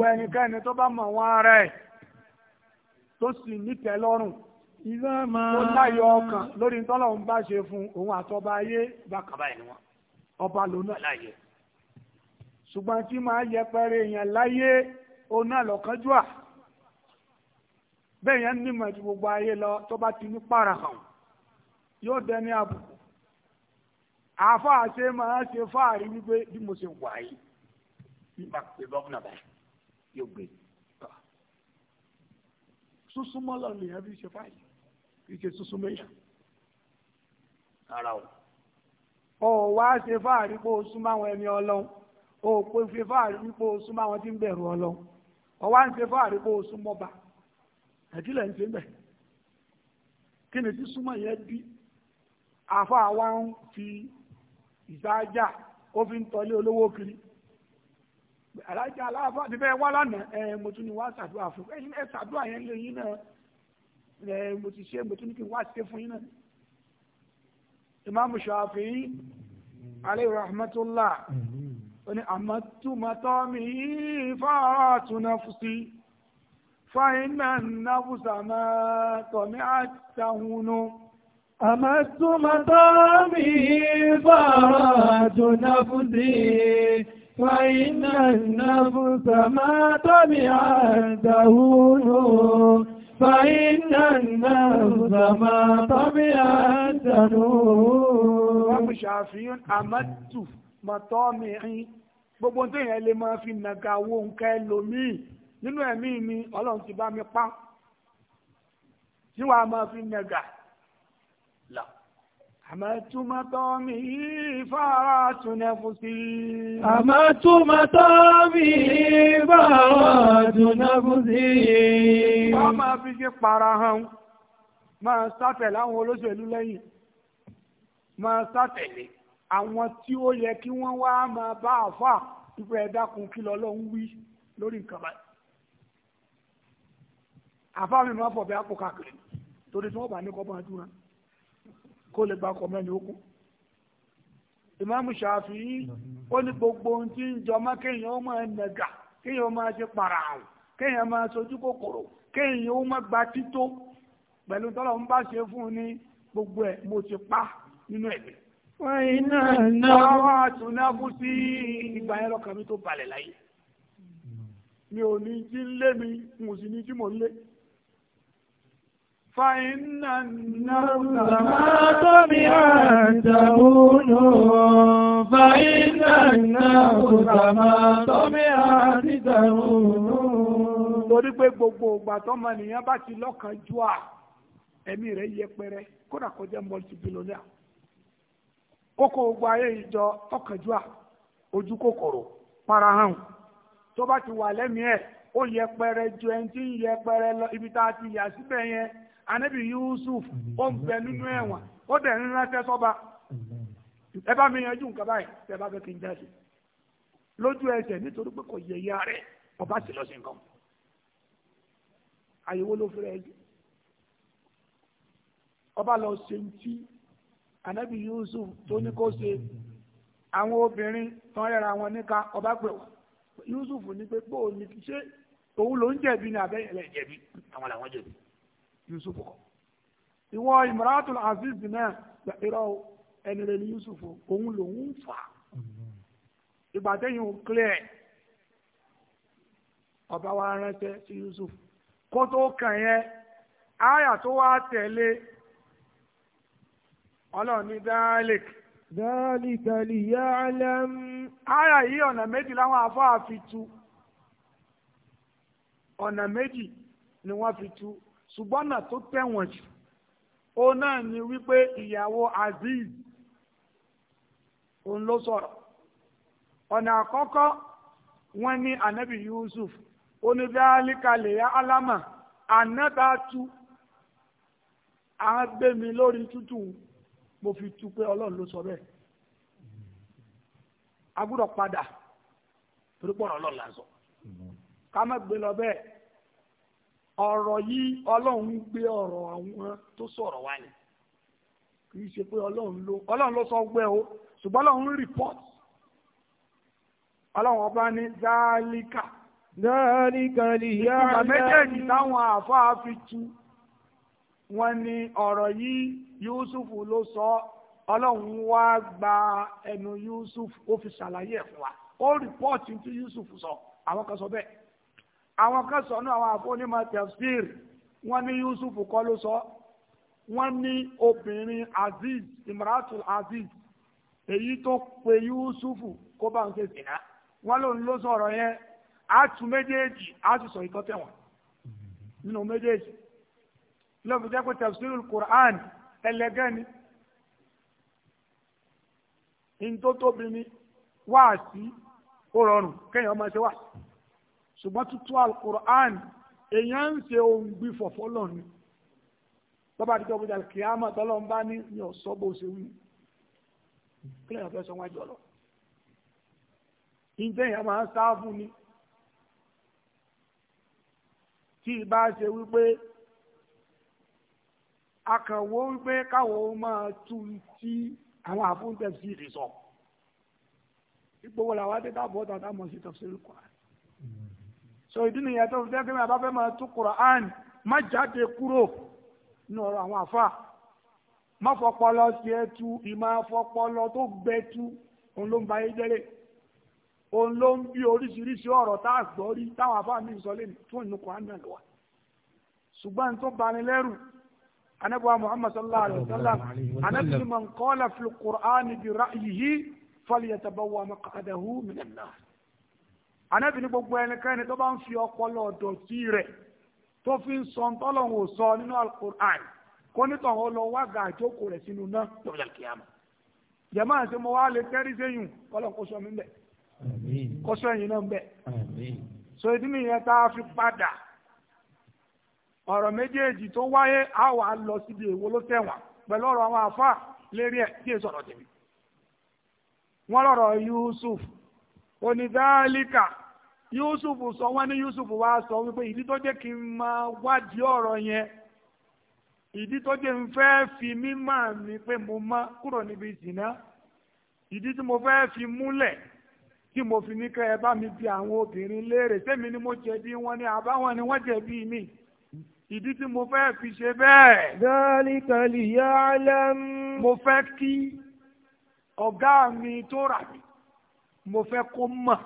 Gbogbo ẹnikẹ́ni tó bá mọ̀ wọ́n ara ẹ̀ tó sì nítẹ́ lọ́rùn. Ìlà máa ń láyọ̀ ọkàn lórí tọ́lọ̀ ń bá ṣe fún òun àtọba ayé bákan báyìí ni wọ́n. Ọba lòun náà láyé. Ṣùgbọ́n tí máa yẹpẹrẹ èèyàn láyé, òun náà lọ̀kánjúà bẹ́ẹ̀ yẹn nímọ̀ ju gbogbo ayé lọ tó bá ti ní para hàn yóò dẹni àbùkù àáfàá ṣe máa ṣe fáàrí wípé bí mo ṣe wà yìí nígbà pé gọ́fúnà báyìí yóò gbé súnsúnmọ́ lọ nìyẹn bí ṣe fáyìí kì í ṣe súnsúnmọ́ èèyàn rárá o ọ̀ wá ṣe fáàrí pé o súnmọ́ àwọn ẹni ọlọ́run o pé ṣe fáàrí pé o súnmọ́ àwọn tí ń bẹ̀rù ọlọ́run ọ̀ wá ń ṣe fáàrí pé o súnmọ́ bàá àti ilẹ̀ ń ṣe bẹ̀ kí ni tí súnmọ́ yẹn bí àfa àwa ń fi ìsáájà ó fi ń tọ́lé olówó kiri alájà aláfa ti fẹ́ wá lánàá ẹ mo tún ní wá ṣàdúrà fún ẹyin ẹ ṣàdúrà yẹn lé yín náà ẹ mo ti ṣe mo tún ní kí n wá ṣe fún yín náà. imaamu shafi'i aleyhi rahmatulah ó ní àmọ́ túmọ̀ tọ́ mi fọ́ọ̀rọ̀ tún náà fún sí i fàyínà náfùsà máa tọ̀mí àtàwùnú. àmà súnmọ́ tọ́mí fọ́ọ̀rọ̀ àjò náfùsì fàyínà náfùsà máa tọ̀mí àtàwùnú. فإن النفس ما طبيعة تنور Imam Shafi'i أمدت مطامعي gbogbo tó yẹn lè máa fi nínú ẹ̀mí mi ọlọ́run ti bá mi pa tí wàá máa fi nẹ̀gà là. Àmọ́túmọ́tọ́ mi fara túnẹ̀fù sí. Àmọ́túmọ́tọ́ mi fara túnẹ̀fù sí. Wọ́n máa fi ṣe para hàn, máa sátẹ̀ láwọn olóṣèlú lẹ́yìn, máa sátẹ̀lé àwọn tí ó yẹ kí wọ́n wá máa bá àfà ìfẹ́ ẹ̀dákun kí lọ́lọ́ ń wí lórí nǹkan báyìí àfáà mi máa fọ̀ bí apò káàkiri torí tí wọ́n bá ní kọ́ bá dúró kó lè gba ọkọ̀ mẹ́rin ó kú ìmáàmù Ṣàfi'í ó ní gbogbo ohun tí ń jọmọ́ kéèyàn ó máa nẹ̀gà kéèyàn ó máa ṣe pàrààrùn kéèyàn máa sojú kòkòrò kéèyàn ó máa gba tító pẹ̀lú tọ́lọ̀ ń bá ṣe fún un ní gbogbo ẹ̀ mo ti pa nínú ẹ̀gbẹ́. wọ́n iná náà wọ́n àtúná kú sí ìgbà yẹn lọ́kàn mi tó balẹ̀ láyé mi ò ní tí ń lé mi mo sì ní tí mò ń lé. فإن النرد ما طمعت تهون فإن النرد ما طمعت تهون torí pé gbogbo ìgbà tọ́mọnìyàn bá ti lọ́kàn jù à ẹ̀mí rẹ̀ yẹpẹrẹ kódà kó jẹ́ multi-billionaire kókó gbogbo ayé ìjọ ọkàn jù à ojú kòkòrò farahàn tó bá ti wà lẹ́mìí ẹ̀ ó pẹrẹ ju ẹni tí ń pẹrẹ lọ ibi tá a ti yà síbẹ̀ yẹn anabi yusuf ó ń bẹ nínú ẹ̀wọ̀n ó dẹ̀ ń ránṣẹ́ sọ́ba ẹ bá mi yanjú nǹkan báyìí tẹ bá fẹ́ kí n jáde lójú ẹsẹ̀ nítorí pé kò yẹ ya rẹ ọba sì lọ sí nǹkan àyẹ̀wò ló fẹ́rẹ̀ jù ọba lọ ṣe ń tí anabi yusuf tó ní kó ṣe àwọn obìnrin tán rẹra wọn níka ọba pè wọn yusuf ní pé bóò ní ṣé òun ló ń jẹ̀bi ní abẹ́yẹlẹ jẹ̀bi àwọn làwọn jẹ̀bi yusuf kọ ìwọ imratul aziz náà gba irọ́ ẹni rẹ ní yusuf òun lòun fà ìgbà tẹ́yìn ò clear ọba wa ránṣẹ́ sí yusuf kó tó kàn yẹn àyà tó wá tẹ̀lé ọlọ́run ní dalek. dalek liya'lam. àyà yìí ọ̀nà méjì láwọn afọ́ àfi tu ọ̀nà méjì ni wọ́n fi tu ṣùgbọ́n náà tó tẹ̀wọ̀n jù ó náà ni wípé ìyàwó aziz òun ló sọ̀rọ̀ ọ̀nà àkọ́kọ́ wọ́n ní anabi yusuf onídàálíkalẹ̀ ya alama anabatu agbẹ́mi lórí tútù mo fi tu pé ọlọ́run ló sọ bẹ́ẹ̀ a gbọ́dọ̀ padà torí pọ̀rọ̀ ọlọ́run la sọ ká má gbé lọ bẹ́ẹ̀ ọ̀rọ̀ yìí ọlọ́run gbé ọ̀rọ̀ àwọn tó sọ̀rọ̀ wá ni kì í ṣe pé ọlọ́run ló sọ gbẹ́ o ṣùgbọ́n ọlọ́run report ọlọ́run ọba ní zálíkà zálíkà lìyá ìgbà méjèèjì táwọn àáfàá fi tu wọn ni ọ̀rọ̀ yìí Yúsùfù ló sọ ọlọ́run wá gba ẹnu Yúsùfù ó fi ṣàlàyé ẹ̀ fún wa ó rìpọ́ọ̀tì tí Yúsùfù sọ àwọn kan sọ bẹ́ẹ̀. àwọn kan sọ náà àwọn àfọ́nímọ̀ tafsir wọ́n ní Yusuf kọ ló sọ wọn ní obìnrin Aziz imratul Aziz èyí tó pe Yusuf kó bá ń ṣe sìnà wọ́n lòun ló sọ̀rọ̀ yẹn á tu méjèèjì á sì sọ ìtọ́ tẹ̀wọ̀n nínú méjèèjì lọ́ọ̀fù jẹ́ pé tafsirul Qur'an ẹlẹgẹ́ ni ni wáàsí ṣùgbọ́n tútú alukur'an èèyàn ń ṣe ohun gbí fọ̀fọ́ lọ́ni bọ́bá àti tọ́bọ̀jà kìámà tọ́lọ́n bá ní ní ọ̀sọ́ bó ṣe wí kí lèèyàn fẹ́ sọ wájú ọ̀lọ́ ìjẹ́ èèyàn máa ń sáàbù ni tí ìbá ṣe wípé akànwó wípé káwọn máa tún tí àwọn àfúntẹ̀ sí ìrìsọ̀ ipò wọlé àwọn adé tábọ̀ tàbí àmọ̀ sí tafsir Qur'an so ìdí nìyẹn tó fi jẹ́ kí bá fẹ́ máa tú Qur'an má jáde kúrò nínú ọ̀rọ̀ àwọn àfa má fọpọlọ sí ẹtu ìmọ̀ afọpọlọ tó gbẹ tú òun ló ń ba ayé jẹ́rẹ̀ òun ló ń bí oríṣiríṣi ọ̀rọ̀ tá a gbọ́ rí táwọn àfa mi sọ lé fún ìnú Qur'an náà lọ́wọ́ ṣùgbọ́n tó bani lẹ́rù anabuwa muhammad sallallahu alaihi wasallam anabi man qala fil Qur'an bi ra'yihi falyatabawa maq'adahu minan nar ànábì ní gbogbo ẹnikẹ́ni tó bá ń fi ọpọlọ dọ̀tí rẹ̀ tó fi ń sọ ntọ́lọ́hún ò sọ nínú alukur'an kó nítorí wọn lọ wá ga àjókòó rẹ̀ sínú náà lọ́jà kìámà jẹ̀mọ́ àti mo wá lè tẹ́rí sẹ́yìn kọ́lọ̀ kó sọ mí bẹ̀ kó sọ ẹ̀yìn náà bẹ̀ so ìdí nìyẹn tá a fi padà ọ̀rọ̀ méjèèjì tó wáyé á wà á lọ síbi èwo ló tẹ̀wọ̀n pẹ̀lú ọ̀rọ̀ àwọn àfáà lérí ẹ̀ kí èso tẹ̀mí wọ́n lọ́rọ̀ Yusuf onídàálíkà yusuf sọ wọ́n ní yusuf wa sọ wípé ìdí tó jẹ́ kí n máa wádìí ọ̀rọ̀ yẹn ìdí tó jẹ́ n fẹ́ fi máa mi pé mo mọ́ kúrò níbi ìsìná ìdí tí mo fẹ́ fi múlẹ̀ tí mo fi ní kẹ́ ẹ bá mi bi àwọn obìnrin léèrè sẹ́mi ni mo jẹ̀bi wọn ni àbáwọn ni wọn jẹ̀bi mi ìdí tí mo fẹ́ fi ṣe bẹ́ẹ̀. dhalika liya'lam. mo fẹ́ kí ọ̀gá mi tó rà mí mo fẹ́ kó mọ̀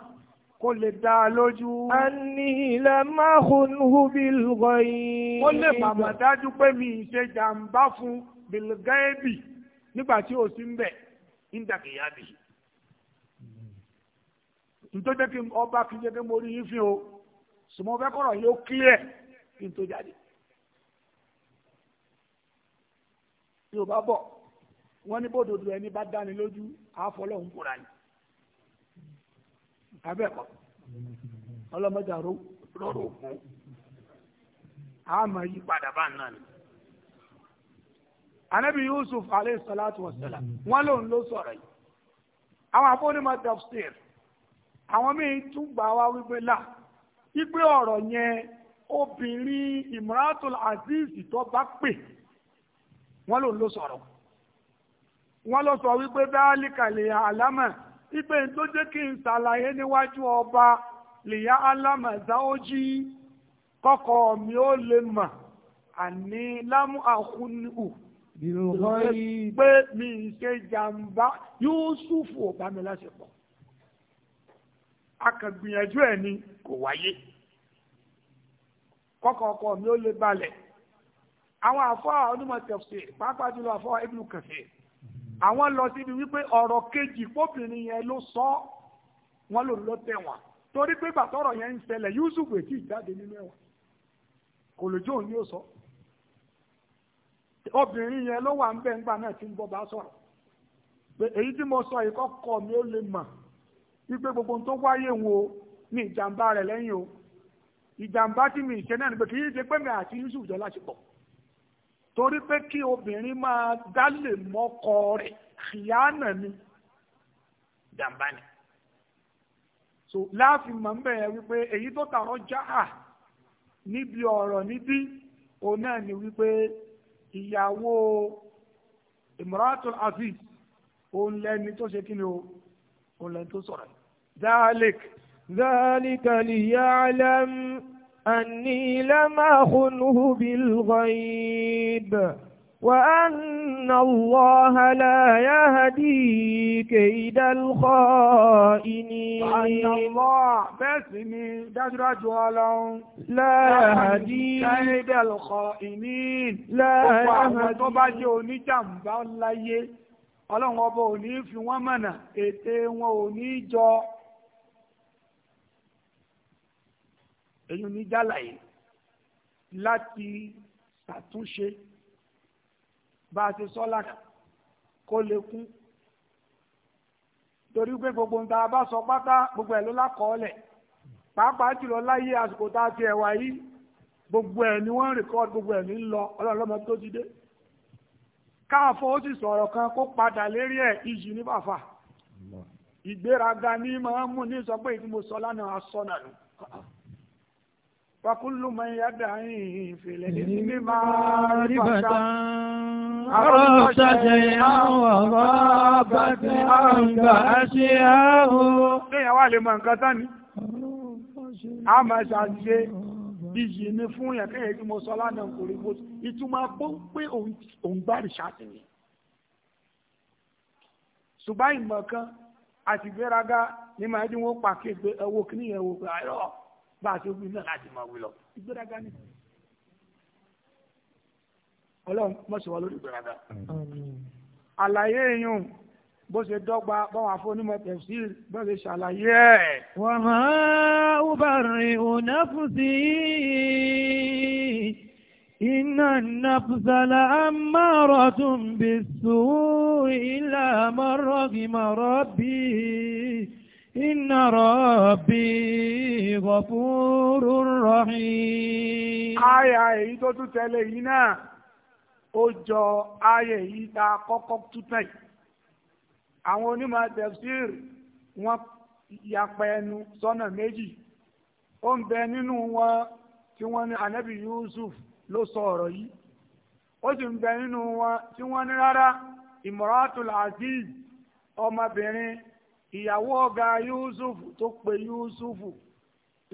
kó lè dá a lójú. a ní ilẹ̀ máa hunhu bilgọ́ yìí. ó lè màmá dájú pé mi ṣe jàǹbá fún bilgẹ́ẹ̀bì nígbà tí o sí ń bẹ̀ ń dàgẹ̀yàbì. ntọ́jẹ́ kí ọba kí jẹ́ pé mo rí yín fi o sùmọ́ fẹ́ kọ̀rọ̀ yóò kílẹ̀ kí n tó jáde. yorùbá bọ̀ wọ́n ní bòdòdó ẹni bá dáni lójú àáfọ́ kúra ni abẹ́kọ̀ ọlọ́mọdé rọrùn fún àmọ́ yí padà bá náà ni. anabi yusuf alayhi salatu wa salam wọn lòun ló sọ̀rọ̀ yìí àwọn afọ́nimọ̀ tafsir àwọn míì tún gbà wá wípé là wípé ọ̀rọ̀ yẹn obìnrin imratul aziz tó bá pè wọn lòun ló sọ̀rọ̀ wọn lọ sọ wípé dhalika li alama ipe tó jẹ́ kí n ṣàlàyé níwájú ọba lìyá alámàzá ó jí kọ́kọ́ mi ó lè mà àní lámú àkúnnù pé mi ṣe jàǹbá Yúsúfù ò bá mi láṣepọ̀ akàgbìyànjú ẹ̀ ni kò wáyé kọ́kọ́ ọkọ mi ó lè balẹ̀ àwọn àfọ́ onímọ̀ tẹ̀sí pàápàá jùlọ àfọ́ Ibn àwọn lọ síbi wípé ọ̀rọ̀ kejì pópìnrin yẹn ló sọ wọn ló lọ tẹ̀wọ̀n torí pé gbàtọ́rọ̀ yẹn ń ṣẹlẹ̀ Yusuf ètí ìjáde nínú ẹ̀wọ̀n kò lójú òun yóò sọ obìnrin yẹn ló wà ń bẹ̀ ńgbà náà tí ń bọ́ bá sọ̀rọ̀ pé èyí tí mo sọ ìkọ́kọ̀ mi ó lè mọ̀ wípé gbogbo tó wáyé wo ni ìjàmbá rẹ̀ lẹ́yìn o ìjàmbá tí mi ìṣe náà ni pé kì í ṣe pé mi torí pé kí obìnrin máa dálè mọ́kọ rẹ̀ kìyànà ni jàǹbá ni so láàfin mọ̀ ń bẹ̀rẹ̀ wípé èyí tó tààrọ̀ jáà níbi ọ̀rọ̀ níbí òun náà ni wípé ìyàwó imratul aziz òun lẹni tó ṣe kí ni o òun lẹni tó sọ̀rọ̀ yìí. zalik zalika liya'lam. أني لما أخنه بالغيب وأن الله لا يهدي كيد الخائنين وأن الله بسمي دجرج ولون لا يهدي كيد الخائنين لا يهدي tó bá jẹ́ oníjàmbá láyé ọlọ́run ọba ò ní fi wọ́n èyí ò ní jálàyé láti ṣàtúnṣe bá a ṣe sọ́lá kó lè kún torí pé gbogbo ń ta bá sọ pátá gbogbo ẹ̀ ló lákọọ́lẹ̀ pàápàá jùlọ láyé àsìkò tá a ti ẹ̀wà yìí gbogbo ẹ̀ ni wọ́n ń rìkọ́d gbogbo ẹ̀ ní lọ ọlọ́run tó ti dé káàfọ́ ó sì sọ̀rọ̀ kan kó padà lérí ẹ̀ ìjì ní bàfà ìgbéraga ní máa mú ní sọ pé ìdí mo sọ lánàá asọ́nà nù فكل من يدعي في العلم معرفة عرفت شيئا وغابت عنك أشياءه Kéèyàn wá lè mọ nǹkan tán ni. A máa ṣàṣe bíyì ni fún yàn kéèyàn tí mo sọ lánàá kò rí bóṣù. Ìtumọ̀ pọ́ pé òun gbárí ṣàtìní. Ṣùgbọ́n ìmọ̀ kan àti ìgbéraga ni màá dín wọ́n ẹwọ́ kìíní yẹn àìrọ̀ bá a ṣe wí náà láti máa wí lọ ìgbéraga ni ọlọ́run mọ̀ṣẹ̀ wá lórí ìgbéraga. àlàyé yìnyín bó ṣe dọ́gba báwọn afọ́nímọ̀ tẹ̀síìl bó ṣe ṣàlàyé ẹ̀. wọ́n máa ń bàrẹ̀ ònàfùsì iná nàfùsàlà àmàrọ̀tún bẹ̀sùn ìlà mọ́rọ̀gìmọ̀rọ̀ bíi. Ina Rabbi Ghafurur Rahim. Àyà èyí tó tún tẹ̀lé yìí náà, ó jọ àyà èyí tá a kọ́kọ́ Àwọn onímọ̀ tafsir wọn yapa ẹnu sọ́nà méjì. Ó ń bẹ nínú wọn tí wọ́n ní Anabi Yusuf ló sọ ìyàwó ọ̀gá Yusuf tó pe Yusuf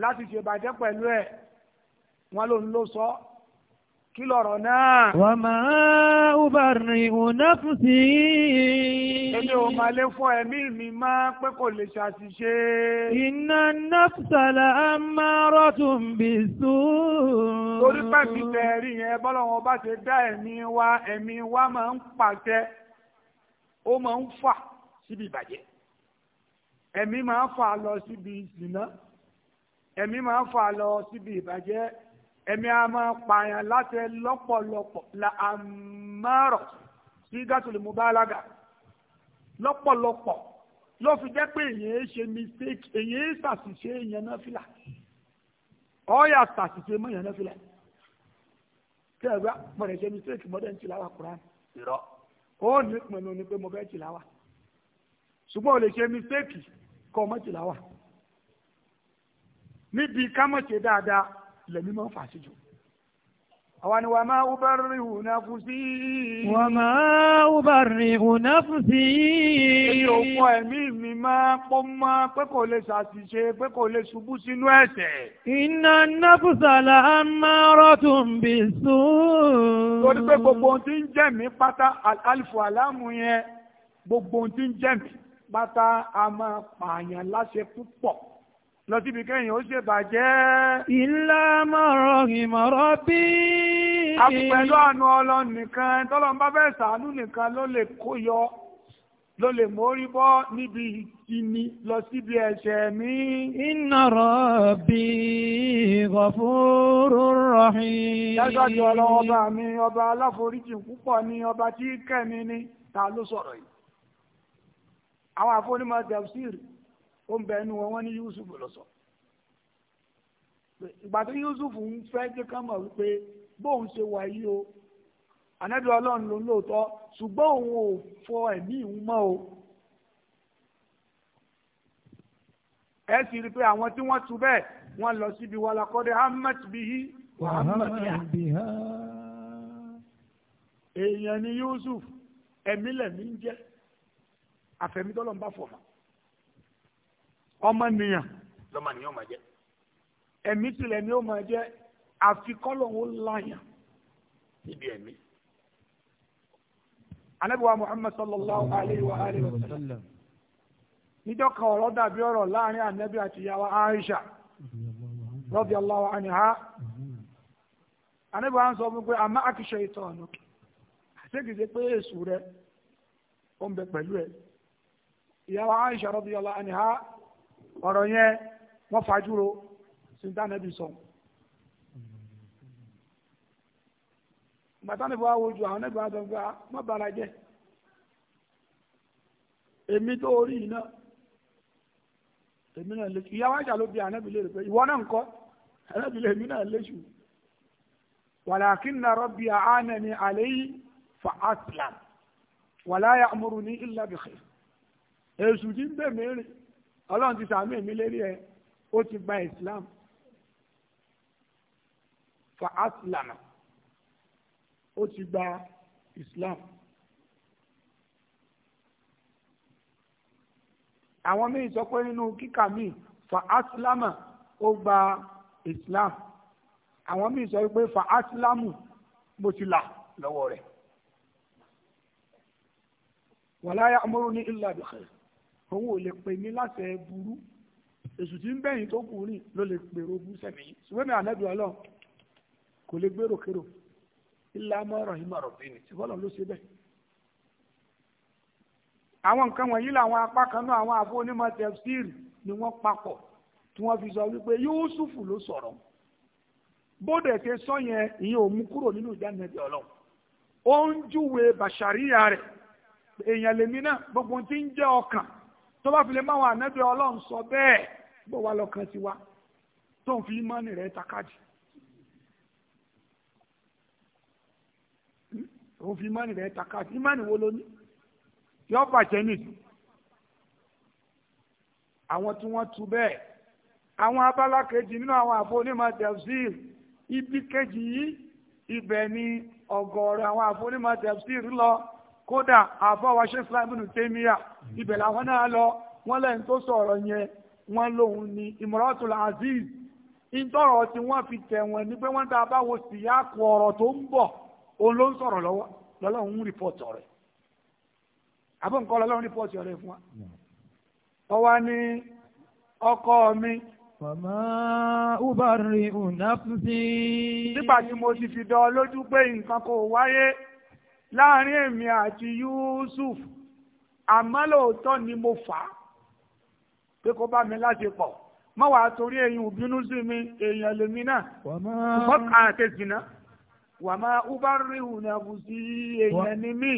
láti ṣèbàjẹ́ pẹ̀lú ẹ̀ wọn ló ń lọ sọ kí lọ̀rọ̀ náà. wà á máa ń bá rìn ònàfùsì. èmi ò máa lè fọ ẹ̀mí mi máa pé kò lè ṣàṣìṣe. iná náfùsàlà á máa bí sùn. torí pẹ̀sì tẹ̀rí yẹn bọ́lọ́wọ́n bá ṣe dá ẹ̀mí wa ẹ̀mí wa máa ń pàṣẹ ó máa ń fà síbi ìbàjẹ́ ẹ̀mí máa fà á lọ síbi ìsìná ẹ̀mí máa fà á lọ síbi ìbàjẹ́ ẹ̀mí a máa pààyàn láti lọ́pọ̀lọpọ̀ la àmárọ̀ sí gàtùlù mubalaga lọ́pọ̀lọpọ̀ ló fi jẹ́ pé èyàn ṣe mistake èyàn ṣàṣìṣe èyàn náà fìlà ọ̀yà ṣàṣìṣe mọ́ èyàn náà fìlà kẹ́ẹ̀gbá mọ̀rẹ̀ ṣe mistake mọ́dẹ̀ ń tìláwà Kùránì irọ́ ó ní pinnu ni pé mo fẹ́ tìláwà ṣùgbọ́n ò lè ṣe mistake kọ́ mọ́tìlá wà níbi kámọ̀ṣe dáadáa lẹ́mí máa fà sí jù àwọn wa máa ubarri'u nafsi. wa máa ubarri'u nafsi. èyí òkun ẹ̀mí mi máa pọ́ mọ́ pé kò lè ṣàṣìṣe pé kò lè ṣubú sínú ẹ̀ṣẹ̀. inna nafsa la'ammaratun bis-su'. torí pé gbogbo ohun tí ń jẹ̀mí pátá alifu aláàmù yẹn gbogbo ohun tí ń jẹ̀mí pátá a máa pààyàn láṣẹ púpọ̀ lọ síbi kẹ́yìn ó ṣèbàjẹ́. ìlà mọ̀rọ̀ ìmọ̀rọ̀ bí. a kò pẹ̀lú àánú ọlọ́run nìkan tọ́lọ́n bá fẹ́ sàánú nìkan ló lè kó yọ ló lè mórí bọ́ níbi ìkíni lọ síbi ẹ̀ṣẹ̀ mi. inna rabbi ghafurur rahim. dájọ́ ti ọlọ́wọ́ bá mi ọba aláforíjì púpọ̀ ni ọba tí kẹ́mi ni ta ló sọ̀rọ̀ yìí àwọn àfọ́nímọ̀ tafsir ó ń bẹnu wọn wọ́n ní Yusuf ló sọ ìgbà tó Yusuf ń fẹ́ jẹ́ ká mọ̀ wípé bóun ṣe wà yìí o ànábì ọlọ́run ló ń lóòótọ́ ṣùgbọ́n òun ò fọ ẹ̀mí ìhun mọ́ o ẹ sì rí i pé àwọn tí wọ́n tu bẹ́ẹ̀ wọ́n lọ síbi walakọ́dé hamat bihi wàhámàdíà èèyàn ni Yusuf ẹ̀mí lẹ̀mí ń jẹ́ àfẹ̀mítọ́lọ́ ń bá fọ̀ ọmọ nìyàn lọ́mọ nìyàn máa jẹ́ ẹ̀mí tilẹ̀ ni ó máa jẹ́ àfikọ́lọ̀ ń níbi ẹ̀mí. anábìwá sallallahu alayhi wa sallam níjọ́ kan ọ̀rọ̀ dàbí ọ̀rọ̀ láàrin ànábì àti aisha radiyallahu anábìwá ń sọ fún pé àmọ́ àkìṣe ọ̀nà ṣé kìí ṣe pé rẹ ó ń bẹ pẹ̀lú ìyàwó Aisha radiyallahu anha ọ̀rọ̀ yẹn wọ́n fajúro sìntánẹ́bì sọ. bàtà níbi wàá wojú àwọn ẹgbẹ́ àti ọgbà má bàrà jẹ́ èmi tó orí yìí náà èmi náà lè ìyàwó Aisha ló bí ànábì lè rè ìwọ náà ń kọ́ ànábì lè mí náà léṣù walakinna rabbi a'anani alayhi fa aslam wala ya'muruni illa bi khair èṣù tí ń bèmí rìn ọlọ́run ti sàmì mi lérí ẹ ó ti gba islam fa aslama ó ti gba islam. àwọn míì sọ pé nínú kíkà míì fa aslama ó gba islam àwọn míì sọ pé fa aslamu mo ti là lọ́wọ́ rẹ̀ wàláyà amúrú ní illa bi òun ò lè pè mí láṣẹ burú èṣù tí ń bẹ̀yìn tó kù rìn ló lè gbèrò bú sẹ́mi ṣùgbọ́n mi ànábì ọlọ́run kò lè gbèrò kérò ilé amọ́rọ̀ yìí mọ̀rọ̀ ni ṣùgbọ́n ló ṣe bẹ́ẹ̀. àwọn nǹkan wọ̀nyí làwọn apá kan náà àwọn àfọ onímọ̀ tẹ̀síìrì ni wọ́n papọ̀ tí wọ́n fi sọ wípé Yúsúfù ló sọ̀rọ̀ bóde ṣe sọ yẹn ìyẹn ò mú kúrò nínú ìdánilẹ́bi ọlọ́run ó ń júwe bàṣàríyà rẹ̀ èèyàn lèmi náà gbogbo ti ń jẹ́ ọkàn tó bá fi lè máwọn ànábì ọlọ́run sọ bẹ́ẹ̀ bó wa lọ́kàn sí wa tó ń fi ìmánì rẹ̀ takádì òun fi ìmánì rẹ̀ takádì ìmánì wo ló ní yọ bàjẹ́ nìyí àwọn tí wọ́n tu bẹ́ẹ̀ àwọn abala kejì nínú àwọn àfọ onímọ̀ tẹ̀síìr ibi kejì yìí ibẹ̀ ni ọ̀gọ̀ọ̀rọ̀ àwọn àfọ onímọ̀ tẹ̀síìr lọ kódà àfọwọ́ ṣe fúlàmù tèmíyà ibẹ̀ làwọn náà lọ wọ́n lẹ́yìn tó sọ̀rọ̀ yẹn wọ́n lòun ni ìmọ̀ràtúlà aziz ìtọ́rọ̀ tí wọ́n fi tẹ̀ wọ́n ni pé wọ́n dá a bá wo síyáàkù ọ̀rọ̀ tó ń bọ̀ òun ló ń sọ̀rọ̀ lọ́wọ́ lọ́lọ́run ń rìpọ̀tì ọ̀rẹ́ àbọ̀ nǹkan lọ́lọ́run rìpọ̀tì ọ̀rẹ́ fún wa. ọwa ni ọkọ mi. Fàmà Ubari Unafsi. Nígbà tí mo ti fi dán lójú pé nǹkan kò wáyé láàrin èmi àti Yusuf àmọ́ lóòótọ́ ni mo fà á pé kó bá mi láti pọ̀ mọ́ wàá torí èyàn òbínú sí mi èèyàn lèmi náà mọ́kà àtẹ̀sìnà wà máa ubarí ìhùnàbù sí èèyàn ni mí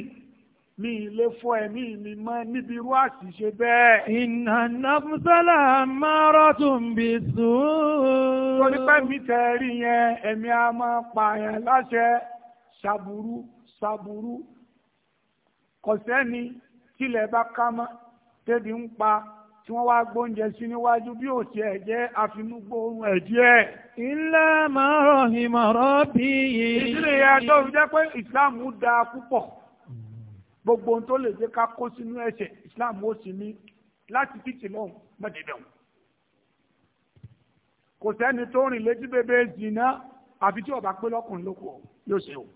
mi lè fọ ẹ̀mí mi mọ́ níbi irú àṣìṣe bẹ́ẹ̀. iná nàfúsálà máa rọ́tún bí sùn. torí pé mi tẹ̀ rí yẹn ẹ̀mí a máa pààyàn láṣẹ ṣàbùrú ṣàbùrú kò sẹ́ni tilẹ̀ bá ká mọ́ tẹ́bi ń pa tí wọ́n wá gbóúnjẹ sí níwájú bí ó ti ẹ̀ jẹ́ àfinúgbó ohun ẹ̀dí ẹ̀. ilé máa rọ̀hìmọ̀rọ̀ bí i. ìdílé yẹn tó fi jẹ́ pé islam da púpọ̀ gbogbo ohun tó lè jẹ́ ká kó sínú ẹ̀ṣẹ̀ islam ó sì ní láti títì lọ́hùn mọ́dẹ̀dẹ̀hùn. kò sẹ́ni tó rìn létí bèbè zina àfi tí ọba pé lọ́kùnrin lóko yóò ṣe o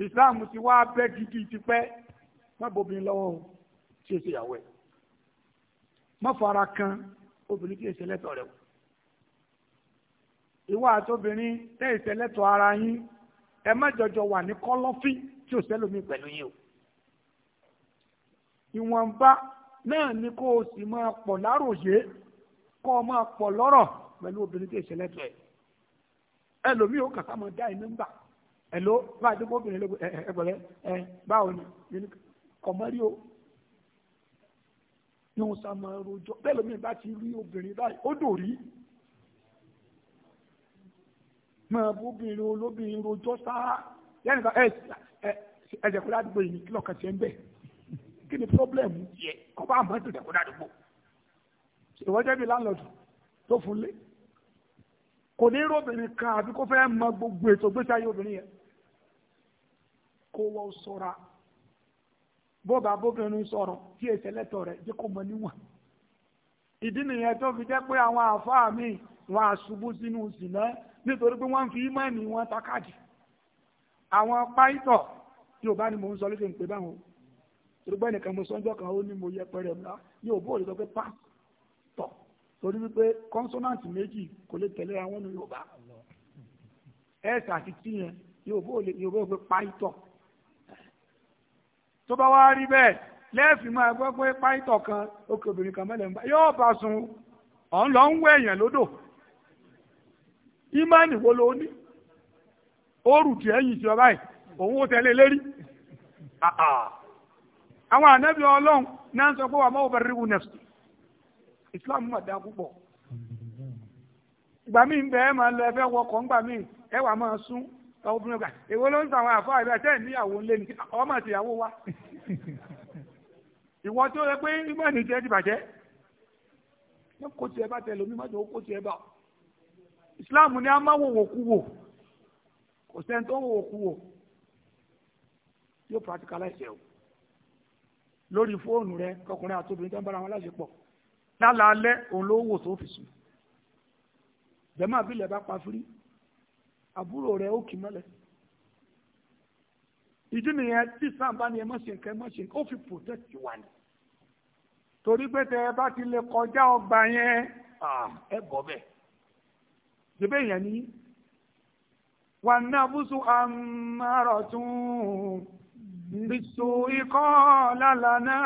islam ti wá bẹ́ gidi tipẹ́ má bóbin lọ́wọ́ tí o ṣe ìyàwó má fara kan obìnrin tí èsè lẹ́tọ̀ rẹ̀ o ìwọ àtobìnrin tẹ́ èsè lẹ́tọ̀ ara yín ẹ má jọjọ wà ní kọ́lọ́fín tí o sẹ́lómi pẹ̀lú yín o ìwọ̀nba náà ni kó o sì máa pọ̀ láròyé kó o máa pọ̀ lọ́rọ̀ pẹ̀lú obìnrin tí èsè lẹ́tọ̀ ẹ̀ ẹlòmíì ó kàkà máa dá iná ń gbà ẹ̀ló bá a ti kó obìnrin lóko ẹ̀gbọ̀lẹ́ ẹ̀ báwo ni kọ̀mọ́rí o ní wọn sá máa rojọ́ bẹ́ẹ̀ lómi bá ti rí obìnrin báyìí ó dòrí máa bú obìnrin olóbìnrin rojọ́ sáá yẹn nìkan ẹ ẹ jẹ́ kó ládùúgbò yìí kí lọ́kàn tiẹ̀ ń bẹ̀ kí ni pọ́blẹ́mù yẹ kọ́ bá àmọ́ ìtòjẹ́ kó ládùúgbò ìwọ́jẹ́ bíi láńlọ́dù tó fún lé kò ní rí obìnrin kan àbí kó fẹ́ mọ gbogbo ètò ìgbésí ayé obìnrin yẹn kó wọ́n sọ́ra bọ́ọ̀bù abóbìnrin sọ̀rọ̀ tí èsì ẹlẹ́tọ̀ rẹ̀ jẹ́ kó mọ níwọ̀n ìdí nìyẹn tó fi jẹ́ pé àwọn àfáà mi wọn àṣubú sínú ìsìnà nítorí pé wọ́n ń fi ímọ̀ẹ̀mí wọn takáàdì àwọn páìtọ̀ yóò bá ní mò ń sọ lókè ń pè báwọn torípé nìkan mo sọ́njọ́ kan ó ní mo yẹ pẹ́rẹ́ ńlá yóò bó òye sọ pé pásítọ̀ torí wípé kọ́nsọ́nàtì méjì kò lè tẹ̀lé àwọn ní Yorùbá ẹ̀ẹ́sì àti tíyẹn yóò bó òye pé páìtọ̀ tó bá wá rí bẹ́ẹ̀ lẹ́ẹ̀fì máa gbọ́ pé páìtọ̀ kan òkè obìnrin kan mẹ́lẹ̀ ń bá yóò bá sun ọ̀n lọ ń wọ èèyàn lódò ìmánì wo ló ní oòrù tí ẹ̀yìn ti ọba yìí òun ó tẹ̀lé lérí àwọn ànábì ọlọ́run náà sọ pé wà máa bẹ̀rẹ̀ ríwu nẹ̀sùn Islam mà dá púpọ̀ ìgbà ń bẹ máa lọ ẹfẹ́ wọkọ̀ ńgbà ẹ wà máa sún ọwọ́ bí wọ́n gbà èwo ló ń sọ àwọn àfáà rẹ̀ tẹ́ níyàwó ńlé ni ọmọ àtìyàwó wa ìwọ tí ó yẹ pé ìmọ̀ ní tiẹ̀ ti bàjẹ́ yóò kó tiẹ̀ bá tẹ̀lé omi mọ́tò ó kó tiẹ̀ bá ìsìláàmù ni a máa wò wòkú wò kò sẹ́ni tó wò wòkú wò yóò practicalize o lórí fóònù rẹ kọkùnrin àtòbìnrin tó ń bára wọn láṣepọ̀ lálaalẹ́ òun ló wò tó fi sùn jẹ́mọ́ àbílẹ̀ bá pa firi àbúrò rẹ̀ ó kì mọ́lẹ̀ ìdí nìyẹn tí sàǹbá ni ẹ mọ̀ ṣe nǹkan ẹ mọ̀ ṣe nǹkan ó fi protect you? One. torí pé tẹ ẹ bá ti lè kọjá ọgbà yẹn ẹ bọ̀ bẹ́ẹ̀ ṣebí èèyàn ní wà ní abúṣu àmàrọ̀ tún. بالسوء قال لنا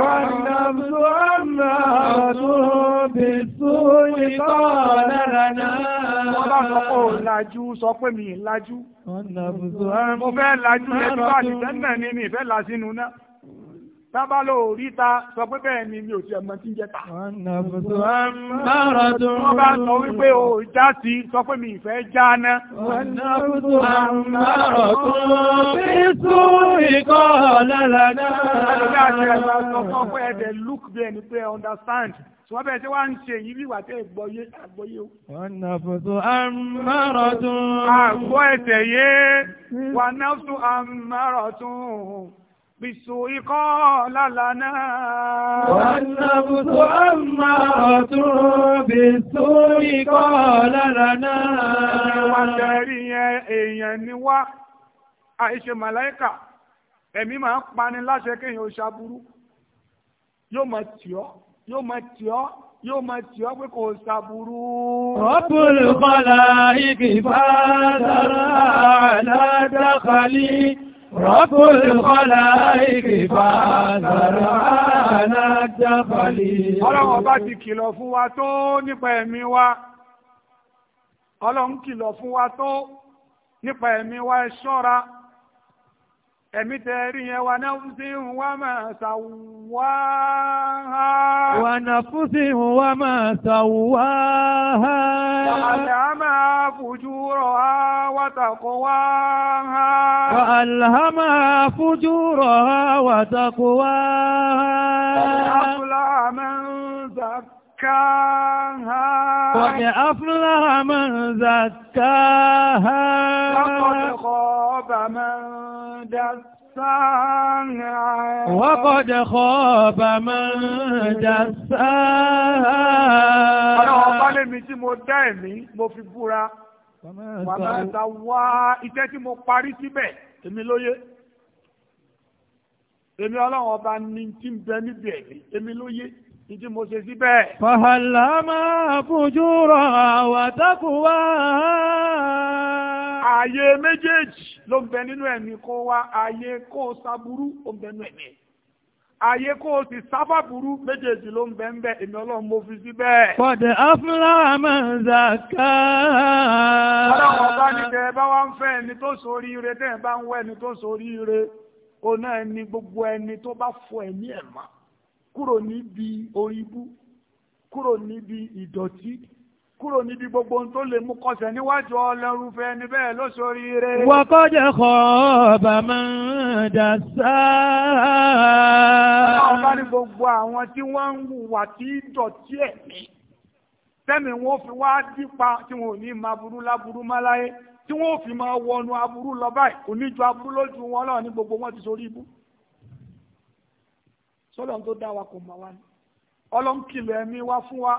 والنفس أمارة بالسوء قال لنا Wọ́n bá sọ pé ò lajú sọ pé mi ì lajú. Mo fẹ́ lajú lẹ́nu bá àdìsẹ́ náà ní mi ìfẹ́ la sínú náà sábà ló rí ta sọ pé bẹ́ẹ̀ ni mi ò ti ẹ̀mọ́ tí ń jẹta. wọ́n bá sọ wípé o já sí sọ pé mi ìfẹ́ já ná. Bísú ikọ̀ lálàdá. Ẹlòmíà ti ẹ̀ka tí wàá ń ṣe yìí bí tẹ́ gbọ́yé àgbọ́yé o. Wọ́n náà fòtò àmọ́rọ̀ tún. Àgbọ̀ ẹ̀tẹ̀ yé, wà náà tún àmọ́rọ̀ tún. بالسوء قال لنا والنفس أمارة بالسوء قال لنا وشري èèyàn ni wá àìṣe màláìkà ẹ̀mí máa ń pani láṣẹ kéèyàn ṣàbúrú yóò máa tì ọ́ yóò máa tì ọ́ yóò máa tì رب الخلائق فازرعنا الجبل ọlọ́run ọba ti kìlọ̀ fún wa tó nípa ẹ̀mí wa ọlọ́run kìlọ̀ fún wa tó nípa ẹ̀mí wa ẹ ẹ̀mí tẹ́rí yẹn wà náà fún sí ìhùn wá máa sàwáhá. wà náà fún sí ìhùn wá máa sàwáhá. wàhálàmà fujuraha wa taqwaha. wàhálàmà fujuraha wa taqwaha. wàhálàmà fujuraha wa taqwaha. زكاها قد أفلح من زكاها وقد خاب من دساها وقد خاب من دساها أنا ọlọ́run ọba ní tí ń bẹ níbi ẹ̀mí èmi lóye ìdí mo ṣe síbẹ̀. fàhàlà máa fojú rọ àwàtàkùwà. ààyè méjèèjì ló ń bẹ nínú ẹ̀mí kó wá ààyè kó saburú ó ń bẹ nínú ẹ̀mí ààyè kó o sì sábà méjèèjì ló ń bẹ ń bẹ èmi ọlọ́run mo fi sí bẹ́ẹ̀. kọ̀dẹ̀ afúláàmù zaka. ọlọ́run ọba ní tẹ ẹ bá wá ń fẹ́ ẹni tó ṣoríire tẹ ẹ bá ń wọ ẹni tó ṣoríire òun náà gbogbo ẹni tó bá fọ ẹ̀mí ẹ̀ mọ́ kúrò níbi oríbú kúrò níbi ìdọ̀tí kúrò níbi gbogbo ohun tó lè mú kọsẹ̀ níwájú ọlọ́rùfẹ́ ẹni bẹ́ẹ̀ lóṣòrí rẹ̀. wọ́kọ́jẹ́ kọ́ bàmá dàsá. ọlọ́run bá ní gbogbo àwọn tí wọ́n ń hùwà tí dọ̀tí ẹ̀mí tẹ́mi wọn fi wá dípa tí wọn ò ní máa burú láburú má láyé tí wọn ò fi máa wọnú aburú lọ báyìí kò ní ju aburú lójú wọn náà ní gbogbo wọn ti sorí ibú. sọ́dọ̀ tó dá wa kò mọ̀ ni fún wa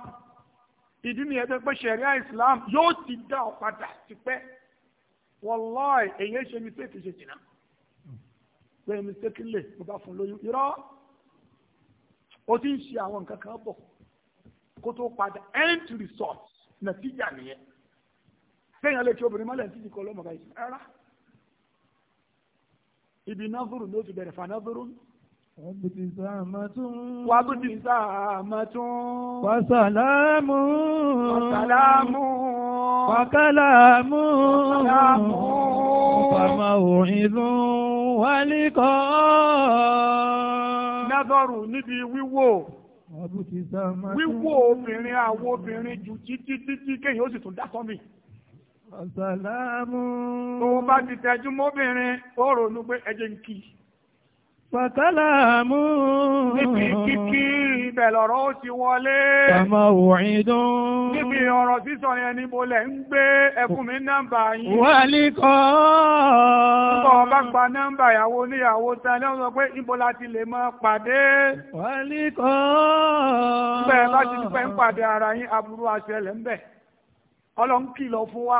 ìdí nìyẹn tó pé ṣẹ̀ríà Islam yóò ti dá ọ padà tipẹ́ wọláì èyí ṣe mistake ṣe jìnnà pé mistake lè bá fún lóyún o ti ń ṣe àwọn nǹkan kan bọ. kó tó padà end result nàtìjà nìyẹn Wa Wàbùtì sàmàtún. Wàsàlámù. Wàsàlámù. Wàkàlámù. Wàkàlámù. Fàmà òhìnlún wálíkọ́. Nádọ́rù níbi wíwò. Wàbùtì sàmàtún. Wíwò obìnrin àwọn obìnrin jù títí títí kéyìn ó sì tún dá sọ́mì. Wàsàlámù. Tó bá ti tẹ́jú mọ́bìnrin, ó rònú pé ẹjẹ́ ń kí i. Fàkálàmù. Níbi kíkí ibẹ̀ lọ̀rọ̀ ó ti wọlé. Kàmà òwòrán dún. Níbi ọ̀rọ̀ sísọ yẹn ni mo lẹ̀ ń gbé ẹkùn mi nọ́mbà yìí. Wálé kọ́. Nígbà ọba gba nọ́mbà ìyàwó níyàwó ta ni wọ́n pé níbo la ti lè máa pàdé. Wálé kọ́. Bẹ́ẹ̀ bá ti dúpẹ́ ń pàdé ara yín aburú aṣẹlẹ̀ ń Ọlọ́run kìlọ̀ fún wa.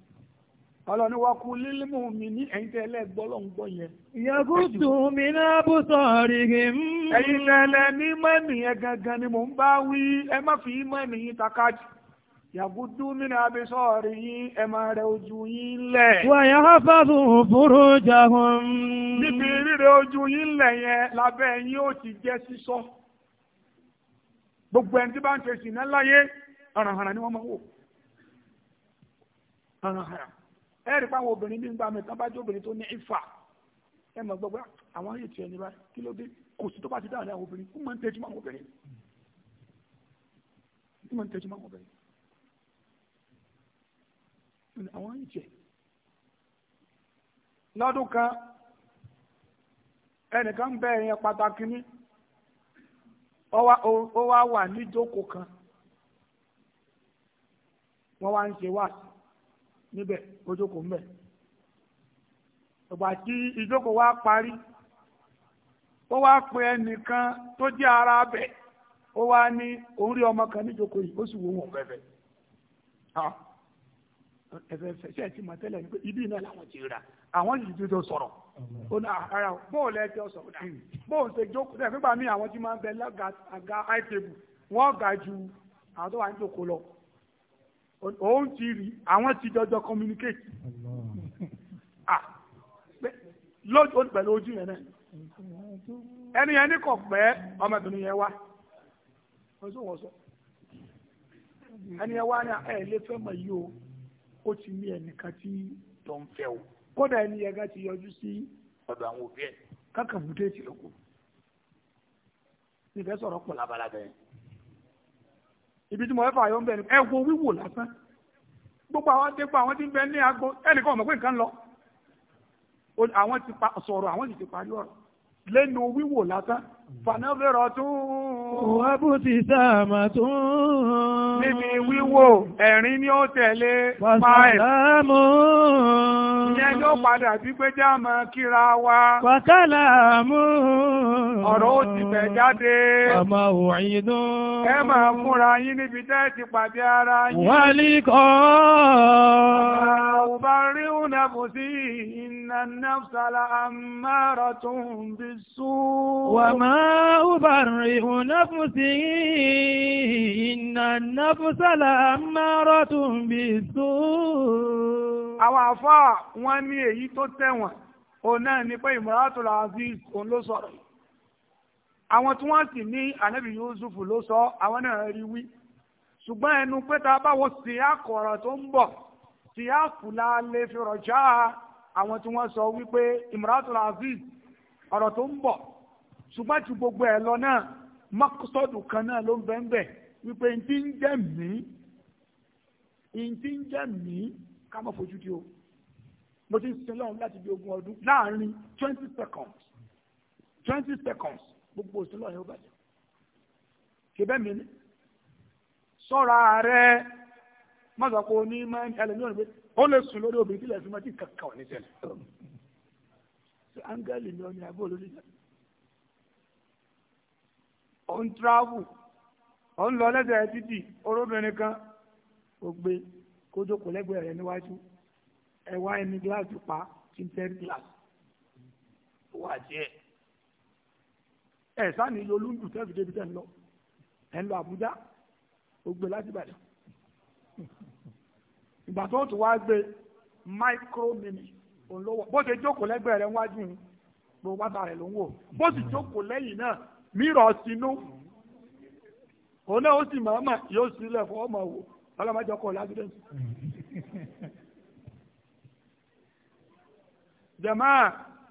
ọlọ́ni wọ́n kú lílímù mi ní ẹ̀yin tẹ́ ẹlẹ́gbọ́ ló ń gbọ́ yẹn. ìyàgùtù mi náà bú sọ̀rí kì í. ẹ̀yin lẹ́lẹ́ ní mẹ́mì yẹn gangan ni mò ń bá wí ẹ má fi mẹ́mì yín takájì. ìyàgùtù mi náà bí sọ̀rí yín ẹ máa rẹ ojú yín lẹ̀. wàyà fàbù òfurú jagun. níbi ríre ojú yín lẹ̀ yẹn lábẹ́ yín ó ti jẹ́ sísọ. gbogbo ẹni tí bá ń ṣe sìnà ẹ rí obìnrin ní gbà mí bá jẹ́ obìnrin tó ní ìfà ẹ mọ̀ gbọ́gbọ́ ah, àwọn ayé tiẹ̀ kí ló dé kò sí tó bá ti dáhùn ní àwọn obìnrin kó ń tẹ́jú obìnrin ń kan níbẹ̀ kó jókòó ńbẹ̀ ìgbà tí ìjókòó wa parí ó wá pe ẹnìkan tó jẹ́ ara bẹ̀ ó wá ní òun rí ọmọ kan níjókòó yìí ó sì wò wọ́n bẹ̀bẹ̀ ẹ̀fẹ̀ fẹ̀sẹ̀ ti mọ̀ tẹ́lẹ̀ ní ibi náà làwọn ti rà àwọn yìí ti tó sọ̀rọ̀ ó ní ara bóun lẹ́ẹ̀tẹ́ ọ̀sọ̀rọ̀ náà bóun ṣe jókòó nígbà míì àwọn ti máa ń bẹ lága àga high table wọ́n ga ju àwọn tó wà ní jókòó lọ òun ti rí àwọn ti jọjọ communicate lójú pẹ̀lú ojú yẹn náà ẹni yẹn ní kò pẹ́ ọmọbìnrin yẹn wá ọsọwọsọ ẹni yẹn wá ní ẹ lè fẹ́ mọ̀ yìí o ó ti ní ẹnìkan tí tó ń fẹ́ o kódà ẹni yẹn ká ti yọjú sí ọ̀dọ̀ àwọn òbí ẹ̀ kákan fún déètì sọ̀rọ̀ pọ̀ lábalábẹ́ yẹn ibi tí mo fẹ́ fààyàn bẹ̀rẹ̀ ẹ wo wíwò lásán gbogbo àwọn tí ń pa àwọn tí ń bẹ ní agbo ẹnìkan ọmọ pé nǹkan lọ àwọn ti sọ̀rọ̀ àwọn sì ti parí ọ̀rọ̀ lẹ́nu wíwò lásán fànàfẹ́rọ̀ wọ́n bú ti sáàmà tún níbi wíwò ẹ̀rín ni ó tẹ̀lé pàṣàlámù ìyẹn ló padà bí pé jáàmà kíra wa pàṣàlámù ọ̀rọ̀ ó ti bẹ̀ jáde ọmọ òyìnbó ẹ máa múra yín níbi tẹ́ ti pàdé ara yín wọ́n lè kọ́ ọ̀ bá rí ọ̀nà kò sí ìnànà sàlà àmàrà tún bí sùn wà أبرئ نفسي إن النفس لأمارة بالسوء àwọn àfáà wọ́n ní èyí tó tẹ̀wọ̀n òun náà ní pé Imratul Aziz òun ló sọ̀rọ̀ yìí àwọn tí wọ́n sì ní ànábì Yusuf ló sọ àwọn náà rí wí ṣùgbọ́n ẹnu pé ta báwo sì á kọ̀ọ̀rọ̀ tó ń bọ̀ sì á kùlà lè fi rọ̀jà àwọn tí wọ́n sọ wípé Imratul Aziz ọ̀rọ̀ tó ń bọ̀ ṣùgbọ́n ju gbogbo ẹ̀ lọ náà mọ́kọ́sọ́dù kan náà ló ń bẹ́ ń bẹ̀ wípé n ti ń jẹ́ mí n ti ń jẹ́ mí ká má fojú di o mo ti ń sin lọ́run láti bí ogún ọdún láàrin twenty seconds twenty seconds gbogbo òsín lọ́run yóò bàjẹ́ kébẹ́ mi ni sọ́ra rẹ mọ́sàkó ní máa ń ẹlẹ́ni òní pé ó lè sùn lórí obìnrin tí ilẹ̀ fi máa ti kàkà ọ̀ ní sẹ́lẹ̀ áńgẹ́lì ni ọ ní abó olórí sẹ́lẹ̀ òun travel òun lọ lẹ́sẹ̀ títì orobìnrin kan kò gbé kó jókòó lẹ́gbẹ̀ẹ́ rẹ̀ níwájú ẹ̀wá ẹni gíláàsì pa tinted glass wà jẹ́ ẹ̀ sáni yóò lúndù tẹ́fì débi tẹ́ ń lọ ẹ̀ ń lọ Àbújá ó gbé láti Ìbàdàn ìgbà tó tún wá gbé micro mini òun ló wọ̀ bó ṣe jókòó lẹ́gbẹ̀ẹ́ rẹ̀ níwájú gbogbo pátá rẹ̀ ló ń wò bó sì jókòó lẹ́yìn náà mírọ̀ sínú òun náà ó sì máa mà yóò sílẹ̀ fún ọmọ wò ọlọ́mọdé ọkọ̀ lásìdẹ̀ntì. jẹ̀mọ́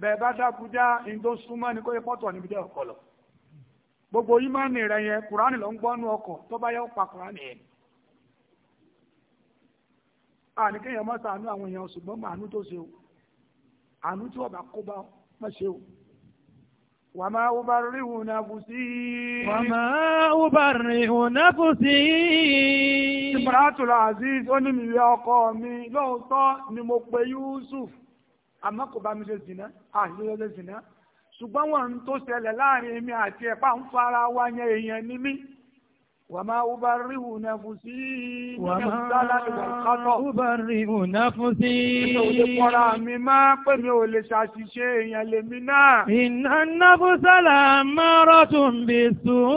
bẹ́ẹ̀ bá dákújá ní tó súnmọ́ ní kó yẹ pọ́tọ̀ níbi jẹ́ ọkọ̀ lọ. gbogbo ìmánì rẹ̀ yẹn kùránì ló ń gbọ́nú ọkọ̀ tó bá yẹ ó pa kùránì yẹn. àní kéèyàn mọ́ sàánú àwọn èèyàn ṣùgbọ́n màánú tó ṣe o àánú tí wọ́n bá kó bá mọ́ ṣe o. وما أبرئ نفسي وما أبرئ نفسي امرأة العزيز ó ní mi ìyá ọkọ mi lóòótọ́ ni mo pe Yusuf àmọ́ kò bá mi ṣe zìnà àṣìṣe ṣe zìnà ṣùgbọ́n wọn tó ṣẹlẹ̀ láàrin èmi àti ẹ̀pá ń fara wa yẹn èèyàn ni mí وما أبرئ نفسي وما أبرئ نفسي إن النفس لأمارة بالسوء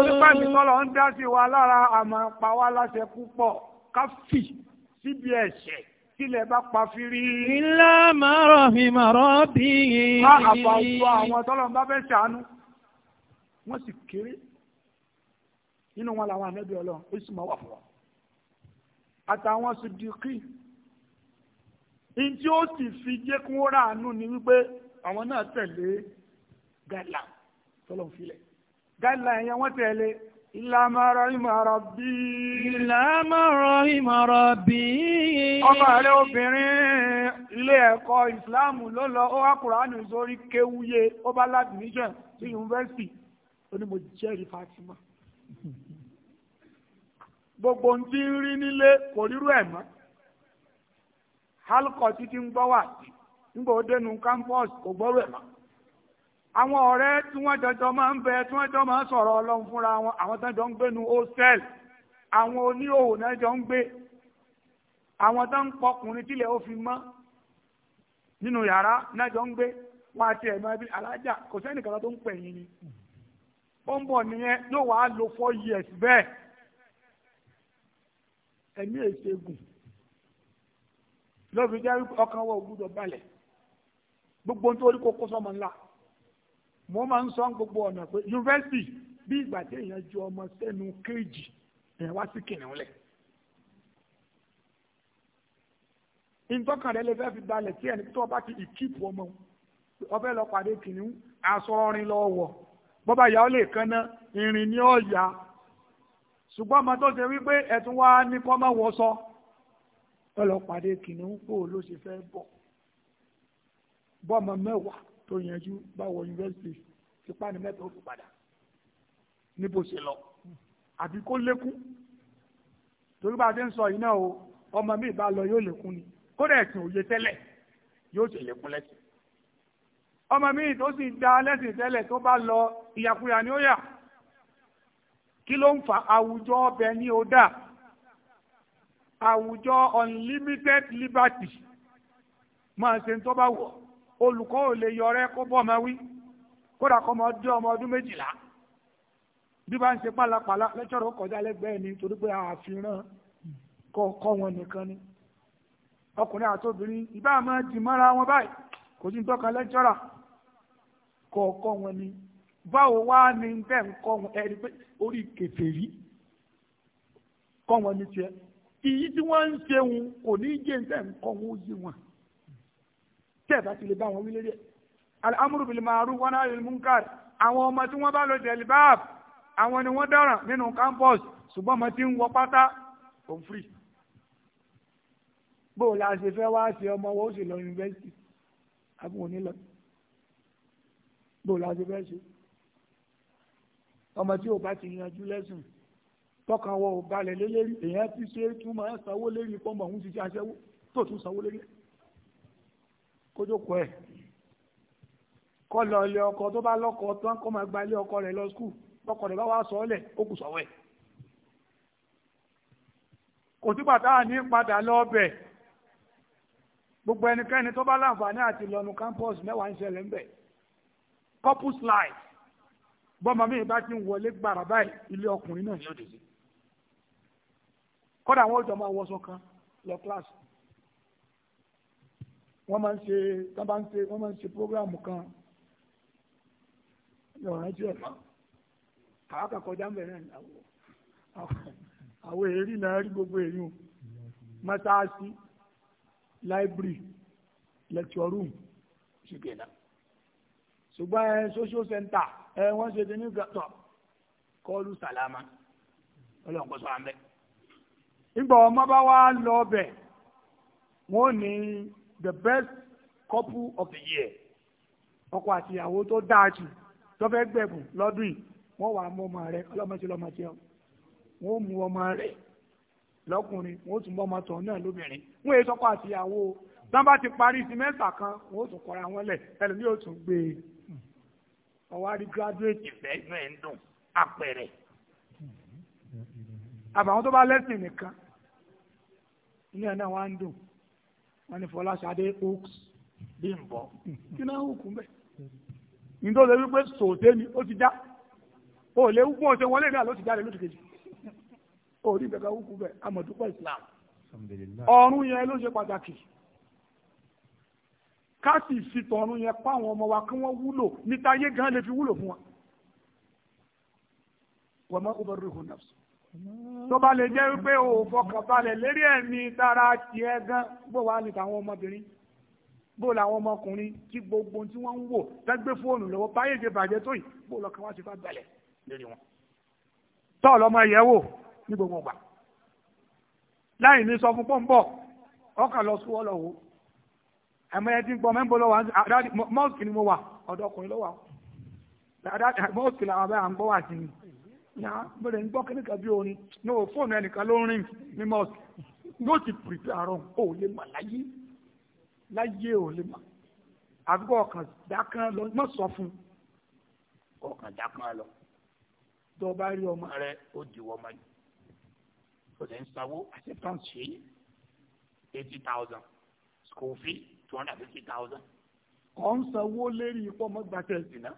Olúpẹ́ mi tọ́lọ̀ ń dá sí wa lára àmọ́ pa wá bá pa firi. Ilé màrọ̀ mi màrọ̀ bí. Má àbàwọ̀ àwọn tọ́lọ̀ bá fẹ́ ṣàánú. Wọ́n sì kéré nínú wọn làwọn ànábì Ọlọ́run ó sì máa wà fún wọn àtàwọn sìdìkì ntí ó sì fi jẹ́ kí wọ́n rà ánú ni wípé àwọn náà tẹ̀lé gàlà tọ́lọ́n filẹ̀ gàlà ẹ̀yẹn wọ́n tẹ̀lé ìlàmọ̀rọ̀ ìmọ̀rọ̀ bí. ìlàmọ̀rọ̀ ìmọ̀rọ̀ bí. ọmọ rẹ obìnrin ilé ẹ̀kọ́ ìsìláàmù ló lọ ó wá kùránù sórí kéwúyé ó bá ládùúgbò sí yunifásitì ó ní mo jẹ́rìí Fatima gbogbo ń ti ń rí nílé kò rírú ẹ̀ mọ́ alukọ títí ń gbọ́ wà nígbà ó dénú campus kò gbọ́rọ̀ ẹ̀ mọ́ àwọn ọ̀rẹ́ tí wọ́n jọjọ máa ń bẹ tí wọ́n jọ máa ń sọ̀rọ̀ ọlọ́run fúnra wọn àwọn tó jọ ń gbé nu hostel àwọn oníhòòhò náà jọ ń gbé àwọn tó ń pọkùnrin tílẹ̀ ó fi mọ́ nínú yàrá náà jọ ń gbé wọn àti ẹ̀mọ́ ẹbí alájà kò sẹ́nìkan tó ń pẹ̀yìn ni ó ń bọ̀ nìyẹn yóò wá lo four years bẹ́ẹ̀ ẹ̀mí èṣègùn lọ́ọ̀fi jẹ́ ọkàn wọ ògbúdọ̀ balẹ̀ gbogbo nítorí kó kó sọmọ ńlá mo máa ń sọ gbogbo ọ̀nà pé yunifásitì bí ìgbà tí èèyàn ju ọmọ sẹ́nu kéèjì èèyàn wá sí kìnìún lẹ̀. ìtọ́kànlẹ́ lè fẹ́ fi balẹ̀ tí ẹni tó bá ti ìkíìpù ọmọ ọbẹ̀ lọ pàdé kìnìún aṣọ ọrin lọ́wọ́ bọ́bá ìyá ó lè kanná irin ní ọ̀yà ṣùgbọ́n ọmọ tó ṣe wípé ẹ̀tún wá ní kọ́mọ̀ wọ́sọ ọlọ́pàdé kìnnìún pò ló ṣe fẹ́ bọ̀ bọ́ọ̀mọ mẹ́wàá tó yanjú báwọ yunifásitì ti pa mẹ́ta ó fi padà níbo ṣe lọ àbí kó lékún torí bá a ti ń sọ yìí náà o ọmọ mi ìbá lọ yóò lékún ni kódà ẹ̀sìn òye tẹ́lẹ̀ yóò ṣe lékún lẹ́sìn ọmọ míì tó sì dá lẹ́sìn tẹ́lẹ̀ tó bá lọ ìyàkuyà ni ó yà kí ló ń fa àwùjọ ọbẹ̀ ní ó àwùjọ unlimited liberty máa ṣe tó bá wọ̀ olùkọ́ ò lè yọrẹ́ kó bọ́ ọmọ wí kódà kọ́ ọmọ ọdún ọmọ ọdún méjìlá bí bá ń ṣe pálapàla lẹ́tọ̀rọ̀ kọjá lẹ́gbẹ̀ẹ́ ni torí pé àfihàn kọ́ wọn nìkan ni ọkùnrin àtobìnrin ìbá máa dì mọ́ra wọn báyìí kò sí ní tọ́ka lẹ́tọ̀rọ̀ kọ̀ọ̀kọ́ wọn ni báwo wá ní bẹ́ẹ̀ ń kọ́ wọn ẹni pé orí kèfèrí kọ́ wọn ní tiẹ̀ èyí tí wọ́n ń ṣe wọn kò ní jẹ́ ń tẹ̀ ń kọ́ wọn ó yé wọn tẹ́ ẹ̀ bá ti lè bá wọn wí lérí ẹ̀ al-amru bil ma'ruf wa nahy anil àwọn ọmọ tí wọ́n bá lọ jẹ̀lì báàbù àwọn ni wọ́n dáràn nínú campus ṣùgbọ́n ọmọ tí ń wọ pátá òun free bó o la ṣe fẹ́ wá ṣe ọmọ wọn ó sì lọ yunifásitì bó la ṣe fẹ́ ṣe ọmọ tí ò bá ti yanjú lẹ́sùn tọkàn wọ ò balẹ̀ lélẹ́rí èèyàn ti ṣe é tún máa sanwó lérí pọ́nmọ̀ òun ti ṣe aṣẹ́wó tó tún sanwó lérí kójókòó ẹ̀ kọ́ lọ ilé ọkọ tó bá lọ́kọ tán kọ́ máa gba ilé ọkọ rẹ̀ lọ skul lọ́kọ rẹ̀ bá wá sọ ọ́lẹ̀ ó kù sọ̀wẹ́ kò sí pàtàkì ní padà lọ́ọ̀bẹ̀ gbogbo ẹnikẹ́ni tó bá láǹfààní àti lọ́nu campus mẹ́wàá ń ṣẹlẹ̀ ńbẹ̀ couples life bọ́mọ mi bá ti ń wọlé gbàrà báyìí ilé ọkùnrin náà ni ó dèjì kọ́dà àwọn ọjọ́ máa wọṣọ kan lọ kíláàsì wọ́n máa ń ṣe wọ́n máa ń ṣe wọ́n máa ń ṣe prógráàmù kan lọ́rọ̀ tí ẹ̀ máa kàákà kọjá ń bẹ̀rẹ̀ àwọn èrí náà rí gbogbo èyí mọ́sáàsì láìbírì lecture room ṣùgbọ́n náà ṣùgbọ́n ẹ social center ẹ wọ́n ṣe ti new gàtọ̀ kọ́ọ̀lù sàlámà ọlọ́run kò sọ àmẹ́. ìgbà ọmọ bá wá lọ ọbẹ̀ wọ́n ní the best couple of the year ọkọ àti ìyàwó tó dáa jù tó fẹ́ gbẹ̀bùn lọ́dún yìí wọ́n wàá mú ọmọ rẹ ọlọ́mọṣẹ́ lọ́mọṣẹ́ ọ wọ́n mú ọmọ rẹ lọ́kùnrin wọ́n tún bọ́ ọmọ tọ̀ náà lóbìnrin wọ́n èyí sọ́kọ àti ìyàwó tán bá ti parí sí mẹ́ta kan wọ́n tún kọ́ra wọn lẹ̀ ẹlòmíì tún gbé e ọ̀wárí graduate ìfẹ́ inú ẹ̀ ń dùn àpẹẹrẹ àbàwọn tó bá lẹ́sìn nìkan ilé ẹ̀ náà wá ń dùn wọn ni Fọláṣadé oaks Bímbọ́ kí náà hùkú bẹ́ẹ̀ nítorí lórí pé sòté ni ó ti já ó lè wú bóun ṣe wọlé náà ló ti jáde lóṣù kejì ó rí ìgbàgbọ́ hùkú bẹ́ẹ̀ amọ̀dúpọ̀ Islam ọ̀run yẹn ló ṣe pàtàkì ká sì fi tọ̀run yẹn pa àwọn ọmọ wa kí wọ́n wúlò níta ayé gan lè fi wúlò fún wa. wọ́n máa ń bọ̀ rúhùn náà sùn. tó bá lè jẹ́ wípé o fọkànbalẹ̀ lérí ẹ̀mí dára tiẹ̀ gan bó wàá ní tàwọn ọmọbìnrin bó làwọn ọmọkùnrin tí gbogbo tí wọ́n ń wò tẹ́gbẹ́ fóònù lọ́wọ́ báyé ṣe bàjẹ́ tó yìí bó lọ́kàn wá ti fà balẹ̀ lérí wọn. tọ́ ọ̀lọ́mọ yẹ̀ wò ní gbogbo ìgbà láì ní sọ fún pọ́ńbọ̀ ọkàn lọ sún ọ lọ wò ó ẹ̀mọ́yẹ tí ń gbọ́ mẹ́ńbó lọ́wọ́ mọ́ọ̀sì ni mo wà ọ̀dọ̀ ọkùnrin lọ́wọ́ mọ́ọ̀sì làwọn abẹ́ à ń gbọ́ wà sí ni na bẹ̀rẹ̀ ń gbọ́ kíní kan bí orin ní o fóònù ẹnìkan ló ń rìn ní mọ́ọ̀sì yóò ti pìrìpì àárọ̀ o ò lè mà láyé láyé ò lè mà àfikún ọkàn dákan lọ mọ̀ sọ fún ọkàn dákan lọ tó o bá rí ọmọ rẹ ó di wọ́n mọ́ ni o lè ń sanwó acceptance ṣe eighty thousand school fee two hundred and fifty thousand kọ́ ń sanwó lérí ipò ọmọgbà tẹ̀sí náà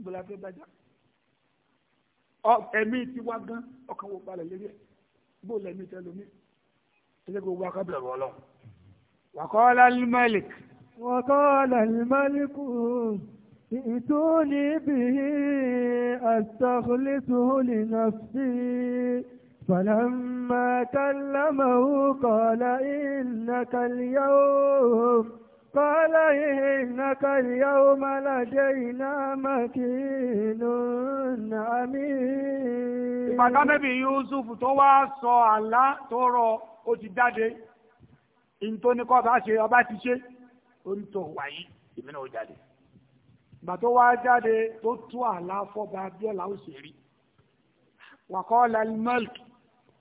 gbọ́dọ̀ fẹ́ bàjá ẹ̀mí ti wá gan ọkàn wò balẹ̀ lérí ẹ̀ bó lẹ́mí tẹ lómi tẹ́lẹ̀ kó wá kábẹ̀rẹ̀ ọlọ́run wàkọ́lá límẹ́lìk. wàkọ́lá límẹ́lìkù ìtúni bíi àtàkùlẹ́tù lè nà sí i. فلما كلمه قال إنك اليوم قال إنك اليوم لدينا مكين أمين ìpàdánẹ́bì Yusuf tó wá sọ àlá tó rọ ó ti jáde ìntó ní kọ́ bá ṣe ọba ti ṣe ó ń tọ̀ wáyé ìmínà ó jáde ìgbà tó wá jáde tó tú àlá fọ́ba Abíọ́lá ó ṣe rí wàkọ́ lálí mọ́lìkì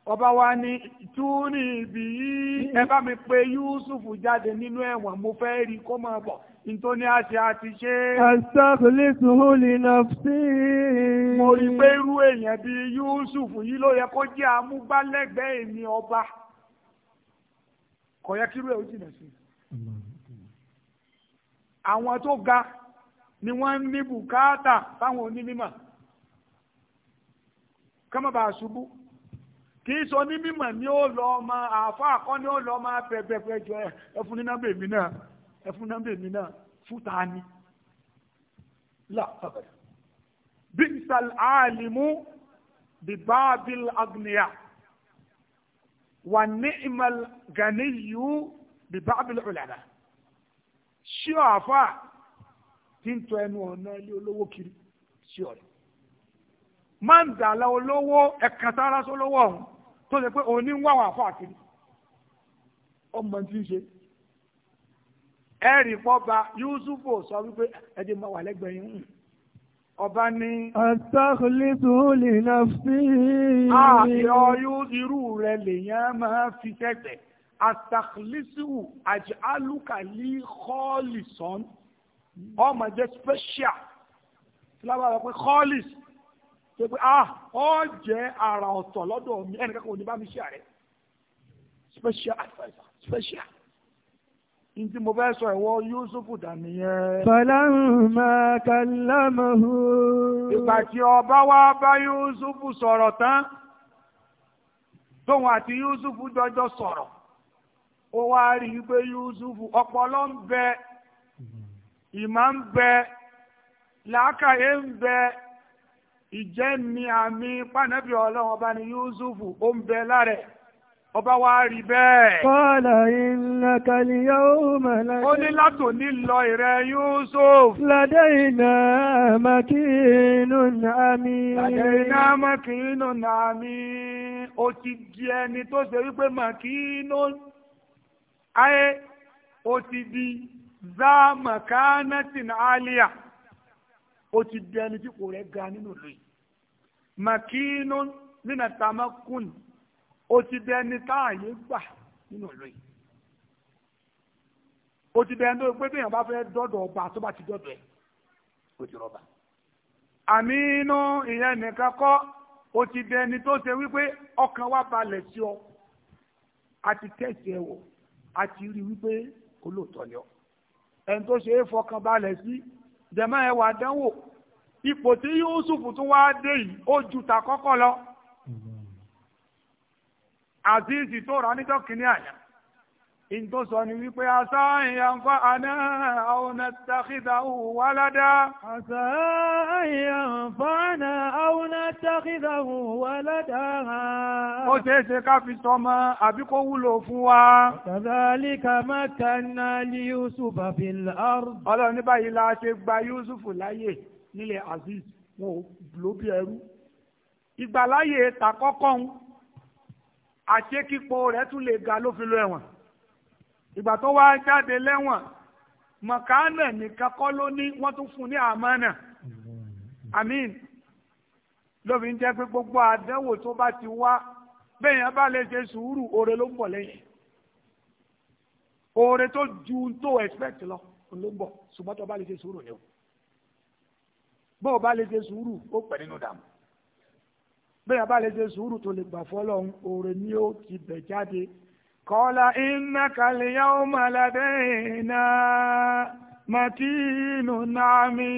ọba wa ni túnì ìbí yìí ẹ bá mi pé Yúsùfù jáde nínú ẹ̀wọ̀n mo fẹ́ rí kó máa bọ̀ nítorí àṣẹ àti ṣe. àṣàkùnlé sùúrù lè mo rí pé irú èèyàn bíi Yúsùfù yìí ló yẹ kó jẹ́ amúgbálẹ́gbẹ̀ẹ́ èmi ọba kò yẹ kí irú ó jìnà sí. àwọn tó ga ni wọ́n ń ní bùkátà fáwọn onímọ̀ kọ́mọ́ bá a ṣubú kì í sọ ní mímọ̀ ni ó lọ ọmọ àáfàá kan ni ó lọ ọmọ pẹ̀pẹ̀pẹ̀ jọ ẹfun ní nọ́mbà èmi náà ẹfun nọ́mbà èmi náà fúta ni. bíṣàl àlìmú bíbáàbíl agniya wà ní ìmọ̀l ganiyu bíbáàbíl ulama. ṣí ọ àáfàá tí ń tọ ẹnu ọ̀nà ilé olówó kiri ṣí ọ̀rẹ́. máa ń dàlà olówó ẹ̀ka sára sólówó ọ̀hún tó ṣe pé òní ń wá àwọn àfọ àkiri ọmọ tí ń ṣe ẹ̀rì pọ́ba Yusufu sọ wípé ẹ̀jẹ̀ máa wà lẹ́gbẹ̀ẹ́ yín ọba ní. àtàkùlẹ́tù lè nà sí. àyọ yóò irú rẹ lèèyàn máa fi tẹ́tẹ̀ àtàkùlẹ́tù àjálùkàlì kọ́ọ̀lì sọ́n ọmọ special tí lábàá pé kọ́ọ̀lì sọ́n ṣe pé ah ọ jẹ́ ara ọ̀tọ̀ lọ́dọ̀ mi ẹnìkan kò ní bá mi ṣe àrẹ special adviser special nti mo fẹ́ sọ ìwọ Yusuf dànù Fọláhùnmá kàlámàhù. Ìgbà tí ọba wá bá Yusuf sọ̀rọ̀ tán, tóun àti Yusuf jọjọ sọ̀rọ̀, ó wá rí i pé Yusuf ọpọlọ ń bẹ, ìmọ̀ ń bẹ, làákàyè ń bẹ ìjẹ́ ni àmì pànẹ́bí ọlọ́run ọba ni Yusufu ó ń bẹ lára ọba wa rí bẹ́ẹ̀. ó ní látò ní lọ ìrẹ́ Yusuf. ládé iná makínú nàmí. ládé iná makínú nàmí. ó ti di ẹni tó ṣe wípé makínú. ayé ó ti di záàmù kánátìn àlíyà ó ti di ẹni tí kò rẹ̀ ga nínú ìlú yìí màkínú nínú tamakun ó ti di ẹni táàyè gbà nínú ìlú yìí ó ti di ẹni tó pé téèyàn bá fẹ́ dọ́dọ̀ ọba tó bá ti dọ́dọ̀ ẹ̀ ó ti rọ́bà àmì ìyẹn nìkan kọ́ ó ti di ẹni tó ṣe wípé ọkàn wa balẹ̀ sí ọ àti tẹ̀sí ẹ wọ̀ àti rí wípé olóòótọ́ ni ọ ẹni tó ṣe é fọkàn balẹ̀ sí jẹ̀mọ́ ẹ wà dánwò ipò tí Yusuf tún wá dé yìí ó ju ta kọ́kọ́ lọ Azizi tó rà níjọ́ kìíní àyà in tó sọ ni wípé asá ìyànfà àná àwọnà tàkìdáwò wáládá asá ìyànfà àná àwọnà walada. wáládá ó ṣeéṣe ká fi sọmọ àbí kó wúlò fún wa kàzálíkà mákànnà lí yusuf àfihàn àrùn ọlọ́run ní báyìí la ṣe gba yusuf láyè nílẹ̀ aziz wọn ò ló bí ẹrú ìgbàláyè tàkọ́kọ́ àṣekípo rẹ̀ tún lè ga ló fi lọ ẹ̀wọ̀n ìgbà tó wá jáde lẹ́wọ̀n mọ̀kánà nìkan kọ́ ló ní wọ́n tún fún ní àmánà àmín lóbi ń jẹ́ pé gbogbo àdánwò tó bá ti wá bẹ́ẹ̀ yẹn bá lè ṣe sùúrù oore ló ń bọ̀ lẹ́yìn oore tó ju tó expect lọ ló ń bọ̀ ṣùgbọ́n tó bá lè ṣe sùúrù ni o bó o bá lè ṣe sùúrù ó pẹ̀ nínú dààmú bẹ́ẹ̀ yẹn bá lè ṣe sùúrù tó lè gbà fọ́ lọ́hún oore ni ó ti bẹ̀ jáde kọ́lá iná kàlíyà ó màlàdé iná màtínú nàmí.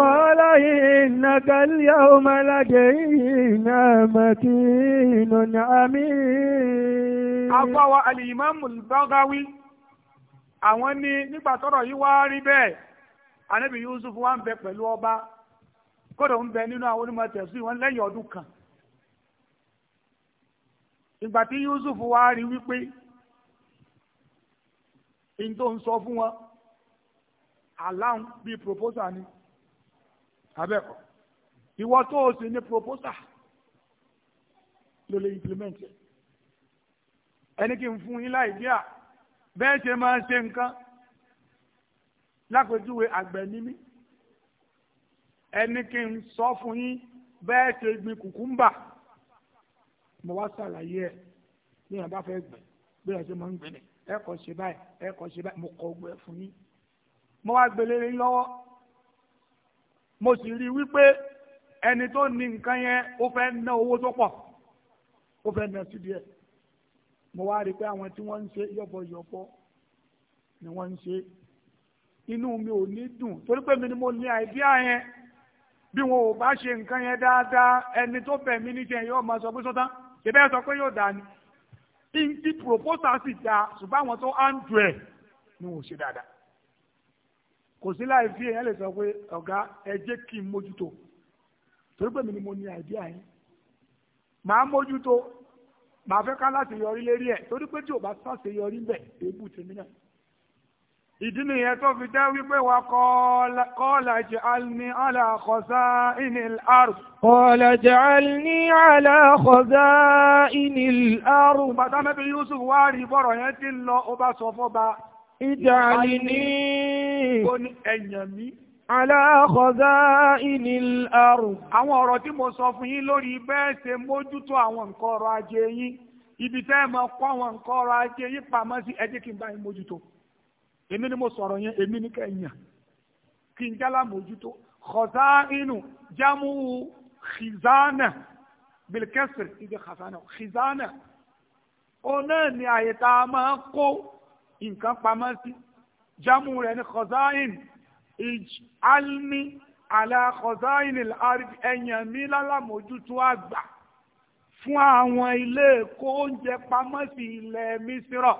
kọ́lá iná kàlíyà ó màlàdé iná màtínú nàmí. afọwọ́ alìmọ́mù bọ́gáwí àwọn ní nígbà tọ́rọ̀ yìí wá rí bẹ́ẹ̀ anábì Yusuf wá ń bẹ pẹ̀lú ọba kódà ń bẹ nínú àwọn onímọ̀ tẹ̀sí lẹ́yìn ọdún kan ìgbà tí Yusuf wá rí wípé in tó ń sọ fún wọn aláhùn bíi proposal ni abẹ́kọ̀ ìwọ tó o sì ní proposal ló lè implement ẹ̀ ẹni kí n fún yín láì díà bẹ́ẹ̀ ṣe máa ṣe nǹkan lápèjúwe àgbẹ̀ ẹni kí n sọ fún yín bẹ́ẹ̀ ṣe gbin kùkúmbà mo wá ṣàlàyé ẹ̀ bí wọn bá fẹ́ gbẹ̀ bí wọn ṣe máa ń gbẹ̀ nìyẹn ẹ kọ́ ṣe báyìí ẹ kọ́ ṣe báyìí mo kọ́ ogun ẹ̀ fún yín mo wá gbélé yín lọ́wọ́ mo sì rí i wípé ẹni tó ní nǹkan yẹn ó fẹ́ ná owó tó pọ̀ ó fẹ́ ná sí díẹ̀ mo wá rí i pé àwọn tí wọ́n ń ṣe yọ̀bọ̀yọ̀bọ̀ ni wọ́n ń ṣe inú mi ò ní dùn torí pé mi ni mo ní àìdíà yẹn bí wọn ò bá ṣe nǹkan yẹn dáadáa ẹni tó bẹ̀ mí níjẹ̀ yóò máa sọ pé sọ́tán ṣe bẹ́ẹ̀ sọ pé yóò dà ní tí proposal sì da ṣùgbọ́n àwọn tó handle ẹ̀ ni wọ́n ṣe dáadáa kò sí láì fi èèyàn lè sọ pé ọ̀gá ẹ jẹ́ kí n mójútó torí pé mi ni mo ní àìdíà yín màá mójútó màá fẹ́ ká láti yọrí lérí ẹ̀ torí pé tí ò bá sáṣeyọrí bẹ̀ èébù tèmi náà ìdí nìyẹn tó fi jẹ́ wípé wa qala ij'alni ala khaza'inil ard. qala ij'alni ala khaza'inil ard. bàtà mẹ́bí Yusuf wá rí bọ́rọ̀ yẹn ti ń lọ ó bá sọ fọ́ba. ij'alni. ó ní ẹ̀yàn mi ala khaza'inil ard. Àwọn ọ̀rọ̀ tí mo sọ fún yín lórí bẹ́ẹ̀ ṣe mójútó àwọn nǹkan ọrọ̀ ajé yín. Ibi tẹ́ ẹ máa kó àwọn nǹkan ọrọ̀ ajé yín pamọ́ sí ẹ èmi ni mo sọ̀rọ̀ yẹn èmi ni kẹ́yìn kí n jálá mójútó khazainu jámù khizana bilkẹsìr ìdí khazana khizana ó náà ni àyè tá a máa kó nǹkan pamọ́ sí jámù rẹ̀ ní khazain ìjálmi àlà khazain al-ard ẹ̀yàn mi lálámójútó àgbà fún àwọn ilé kó oúnjẹ pamọ́ sí ilẹ̀ mísírọ̀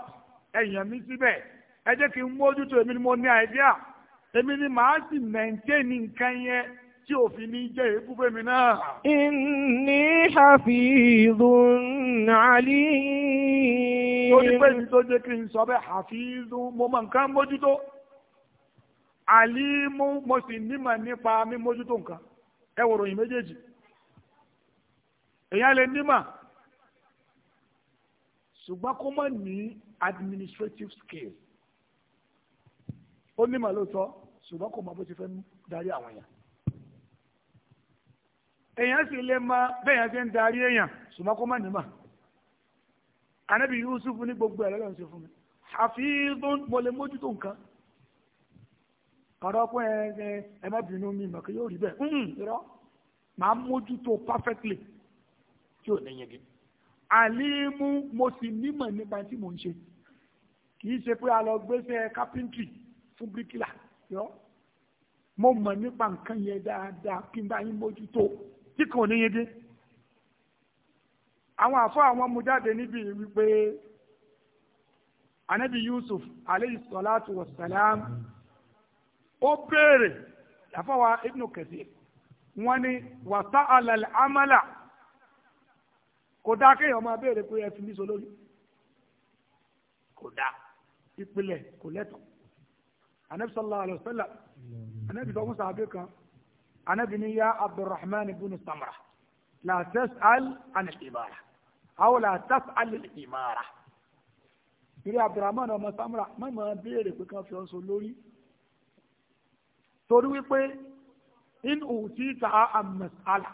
ẹ̀yàn mi síbẹ̀ ẹ jẹ́ kí n mójútó èmi ni mo ní àìdíà èmi ni màá sì mẹ̀ǹtẹ́ẹ̀nì nǹkan yẹn tí òfin ní jẹ́ èébú fẹ́mi náà. Inni hafizun alim. Ó ní pé mi tó jẹ́ kí n sọ bẹ́ẹ̀ hafizun mo mọ nǹkan mójútó. Alimu mo sì nímọ̀ nípa mi mójútó nǹkan. Ẹ wòrò yìí méjèèjì. Èèyàn lè nímọ̀. Ṣùgbọ́n kó mọ̀ ní administrative skill ó ní màá lóòótọ́ ṣùgbọ́n kò mọ bó ti fẹ́ darí àwọn èèyàn èèyàn sì lè mọ bẹ́ẹ̀yàn ṣe ń darí èèyàn ṣùgbọ́n kó má ní mà ànábì Yusuf ní gbogbo ẹ̀rọ lọ́n ṣe fún mi àfihàn mo lè mójútó nǹkan kọ̀rọ̀ pé ẹ ẹ má bínú mi mọ̀ kí yóò rí bẹ́ẹ̀ hmm, irọ́ màá mójútó perfectly tí ò ní yege àlímú mo sì nímọ̀ nípa tí mò ń ṣe kì í ṣe pé a lọ gbéṣẹ́ carpentry fún bíríkìlà yọ mo mọ̀ nípa nǹkan yẹn dáadáa kí n bá yín mójútó tí kò ní yín dé àwọn àfọ àwọn mú jáde níbi wípé anabi yusuf aleyhi salatu wa salam ó béèrè wa ibnu kathir wọn ni wàtá alal amala kò dáa kéèyàn máa béèrè pé ẹ fi mí so lórí kò dáa ìpìlẹ̀ kò lẹ́tọ̀ọ́ anabi sallallahu alayhi wa sallam anabi sọ fún sàbẹ kan anabi ni ya abdulrahman ibn samra la tas'al an al-imara aw la tas'al al-imara ìrí abdulrahman ọmọ samra má máa béèrè pé kan fi ọ́ sọ lórí torí wípé in òtí ta àmàsàlà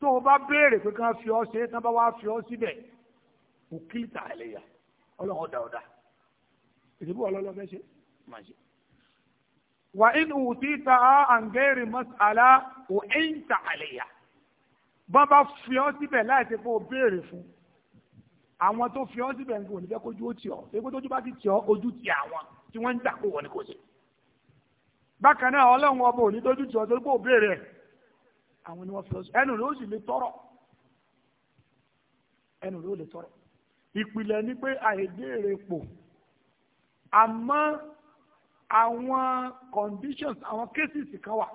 tó o bá béèrè pé kan fi ọ́ ṣe tán bá wá fi ọ́ síbẹ̀ òkìlìtà ẹlẹ́yà ọlọ́run ọ̀dà ọ̀dà ìdìbò ọlọ́lọ́ fẹ́ ṣe máa ṣe. wà inú tí ta á àǹgẹ́rì mọ́sálá ò ń ta àlẹ́yà bọ́n bá fi ọ́ síbẹ̀ láìsí pé o béèrè fún àwọn tó fi ọ́ síbẹ̀ nǹkan ò ní kójú ó tì ọ́ èyí tó bá ti tì ọ́ ojú ti àwọn tí wọ́n ń gbà kó wọ́n ní kò sí. bákan náà ọlọ́run ọba ò ní dójú tì ọ́ torí pé o ẹ̀ àwọn ni wọ́n fi ọ́ sí ẹnu rẹ̀ sì lè tọrọ ẹnu rẹ̀ lè tọrọ ìpìlẹ̀ ni pé àìbéèrè pò àmọ́ àwọn conditions àwọn cases kan wà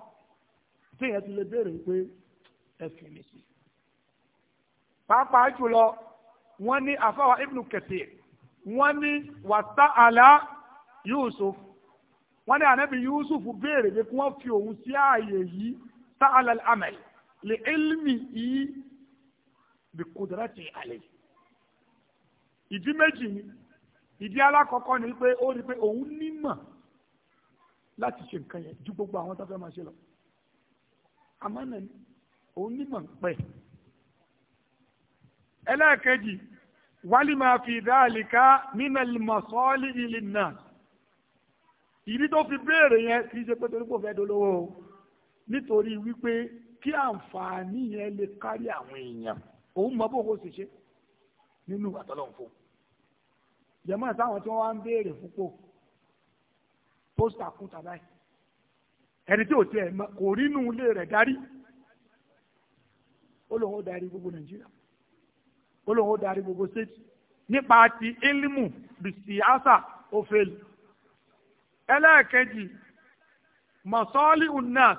téèyàn ti lè béèrè pé ẹsìn mi sí. pàápàá jùlọ wọ́n ní àfáwà ibnu Kathir wọ́n ní wàtá àlá Yusuf wọ́n ní ànábì Yusuf béèrè pé kí wọ́n fi òun sí ààyè yìí tá àlá amẹ̀lì lè ilmi yìí bí kudrati àlè. ìdí méjì ni ìdí alákọ̀ọ́kọ́ ni pé ó rí i pé òun nímọ̀ láti ṣe nǹkan yẹn ju gbogbo àwọn tó fẹ́ máa ṣe lọ àmánà ni òun nímọ̀ ń pẹ́ ẹlẹ́ẹ̀kejì wálé máa fi dáàlìká nínú ìmọ̀sọ́ọ́lì ilé náà ìdí tó fi béèrè yẹn kì í ṣe pé torí kò fẹ́ dolówó o nítorí wípé kí àǹfààní yẹn lè kárí àwọn èèyàn òun mọ bó o ṣe ṣe nínú àtọ́lọ́ǹfò jẹ́mọ́ àtàwọn tí wọ́n wá ń béèrè fúnpọ̀ pósítà kú tàbá ẹ̀ ẹni tí ò tiẹ̀ kò rí inú ilé rẹ̀ darí ó lóun ó darí gbogbo nàìjíríà ó lóun ó darí gbogbo séètì nípa ti ilmu bìsì àṣà òfèlè ẹlẹ́ẹ̀kejì mọ̀sọ́ọ́lì unas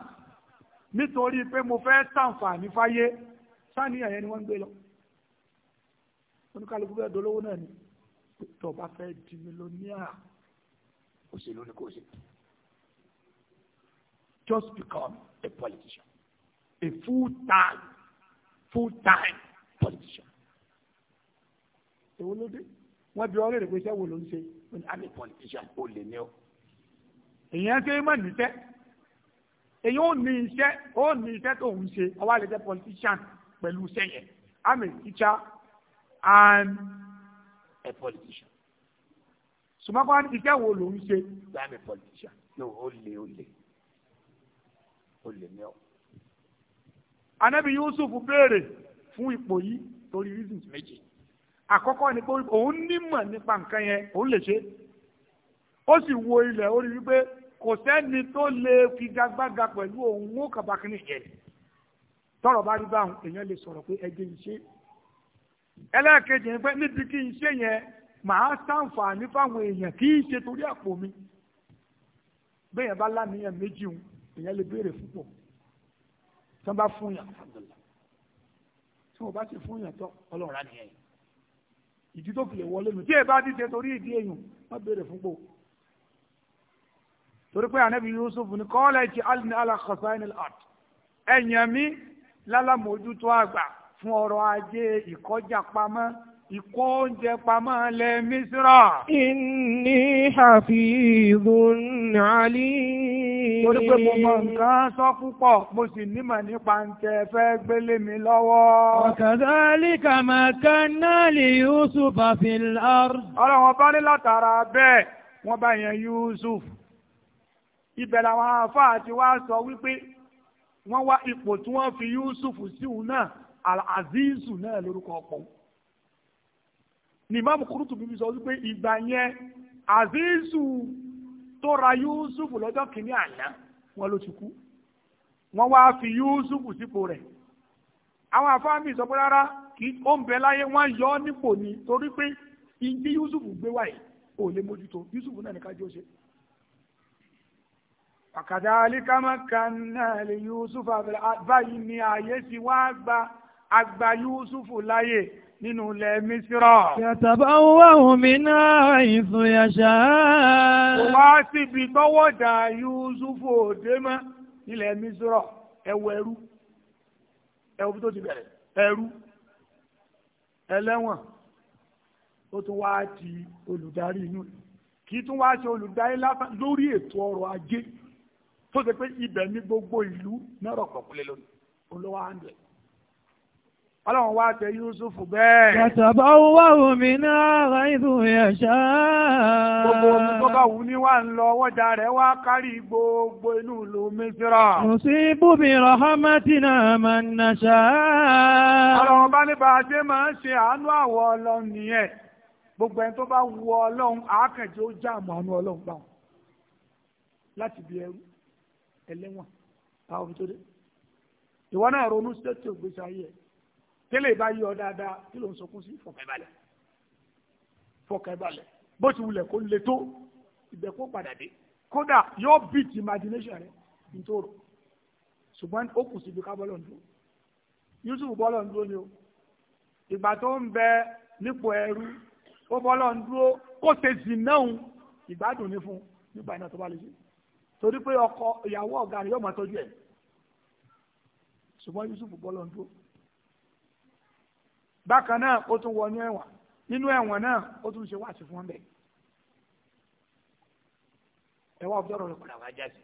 nítorí pé mo fẹ́ sàǹfààní fáyé sáníyàn yẹn ni wọ́n ń gbé lọ oníkàlùkù bẹ́ẹ̀ dolówó náà ni tó bá fẹ́ di mílíọ̀nìyà òṣèlú ni kò ṣe just become a politician a full time full time politician èwo ló dé wọ́n bí ọ̀rẹ́ rẹ̀ pé iṣẹ́ wo ló ń ṣe wọ́n ní àmì politician ó lè ní ọ èyàn ṣe é mọ̀ níṣẹ́ èyàn ò ní iṣẹ́ ó ní iṣẹ́ tó ń ṣe ọwọ́ àlẹ́ jẹ́ politician pẹ̀lú iṣẹ́ yẹn I'm a teacher and a politician ṣùgbọ́n kọ́ ní iṣẹ́ wo ló ń ṣe gbàmí politician no ó lè ó lè ó lè ní ọ. anabi yusuf béèrè fún ipò yìí torí reasons méjì àkọ́kọ́ ni pé òun nímọ̀ nípa nǹkan yẹn òun lè ṣe ó sì wo ilẹ̀ ó rí wípé kò sẹ́ni tó lè figagbága pẹ̀lú òun ó kàbákínì yẹn tọrọ bá rí báwọn èèyàn lè sọ̀rọ̀ pé ẹgbẹ́ iṣẹ́ ẹlẹ́ẹ̀kejì ni pé níbi kí iṣẹ́ yẹn màá sàǹfààní fáwọn èèyàn kì í ṣe torí àpò mi bẹ́ẹ̀ yẹn bá láníyàn méjì ń èèyàn lè béèrè púpọ̀ tí wọ́n bá fún yàn alhamdulillah tí wọ́n bá ti fún yàn tán ọlọ́run á nìyẹn ìdí tó fi lè wọlé nù tí èèyàn bá ti ṣe torí ìdí èèyàn wọ́n béèrè púpọ̀ torí pé ànábi Yusuf ní kọ́lẹ̀ ti alini alakọsáínil art ẹ̀yàn mi lálàmójútó àgbà fún ọrọ̀ ajé ìkọjá pamọ́ ìkó oúnjẹ pamọ́ lẹ mísírà. inni hafizun alim. torí pé mo mọ nǹkan sọ púpọ̀ mo sì nímọ̀ nípa ń tẹ fẹ́ gbélé mi lọ́wọ́. wakadhalika makanna li yusufa fil ard. ọlọ́wọ́n bá ní látara bẹ́ẹ̀ wọ́n bá yẹn yusuf. ibẹ̀ làwọn àáfàá ti wá sọ wípé wọ́n wá ipò tí wọ́n fi yusuf sí náà al náà lórúkọ ọ̀pọ̀ ni imam Qurtubi mi sọ wípé ìgbà yẹn azizu tó ra yusuf lọ́jọ́ kìíní àná wọn ló ti kú wọn wá fi yusuf sípò rẹ̀ àwọn afáàmì sọ pé rárá kí ó ń bẹ láyé wọn yọ ọ nípò ni torí pé ìdí yusuf gbé wáyé ò lè mójútó yusuf náà ní kájọ ṣe. kadhalika makanna li yusuf báyìí ni ààyè sì wá gba àgbà yusuf láyè nínú ilẹ̀ mísírà. yàtàbá wà omi náà ìfún yàṣà. kò wá síbi tọwọ́dà yusufu òde mọ́ ilẹ̀ mísírà ẹwọ ẹrú ẹwọ bí tó ti bẹ̀rẹ̀ ẹrú ẹlẹ́wọ̀n ó tún wá di olùdarí inú kì í tún wá ṣe olùdarí lórí ètò ọrọ̀ ajé tó ṣe pé ibẹ̀ ní gbogbo ìlú náírà kọ̀ọ̀kúlẹ̀ lónìí olówó àndẹ̀ ọlọ́run wá tẹ yusuf bẹ́ẹ̀. kàtàbá wà omi náà ráìdù ẹ̀ṣá. gbogbo omi tó bá wù ní wà ń lọ wọ́jà rẹ̀ wá kárí gbogbo inú ìlú mísírà. musibu bi rahmatina man nasha. ọlọ́run bá ní bá a ṣe máa ń ṣe àánú àwọ̀ ọlọ́run nìyẹn gbogbo ẹni tó bá wù ọlọ́run àákànjẹ́ ó já àmọ́ àánú ọlọ́run gbà wọ́n láti bí ẹrú ẹlẹ́wọ̀n táwọn fi tó dé ìwọ náà ronú sí tẹ́lẹ̀ bá yọ dáadáa kí ló ń sọkún sí fọkànbalẹ̀ fọkànbalẹ̀ bó ti wulẹ̀ kó le tó ìbẹ̀kó padà dé kódà yóò beat imagination rẹ nítorò ṣùgbọ́n ó kù síbi ká bọ́lọ̀ ń dúró Yusuf bọ́lọ̀ ń dúró ni o ìgbà tó ń bẹ nípò ẹrú ó bọ́lọ̀ ń dúró kó ṣe zináhùn ìgbádùn ní fún nígbà iná tó bá lè ṣe torí pé ọkọ ìyàwó ọ̀gá rẹ̀ yóò máa tọ́jú ẹ̀ ṣùgbọ́n Yusuf bọ́lọ̀ ń dúró bákan náà ó tún wọnú ẹ̀wọ̀n nínú ẹ̀wọ̀n náà ó tún ṣe wáàsí fún bẹ́ẹ̀ ẹ̀wọ̀n ọ̀bí ọ̀rọ̀ rẹ̀ padà wá jáde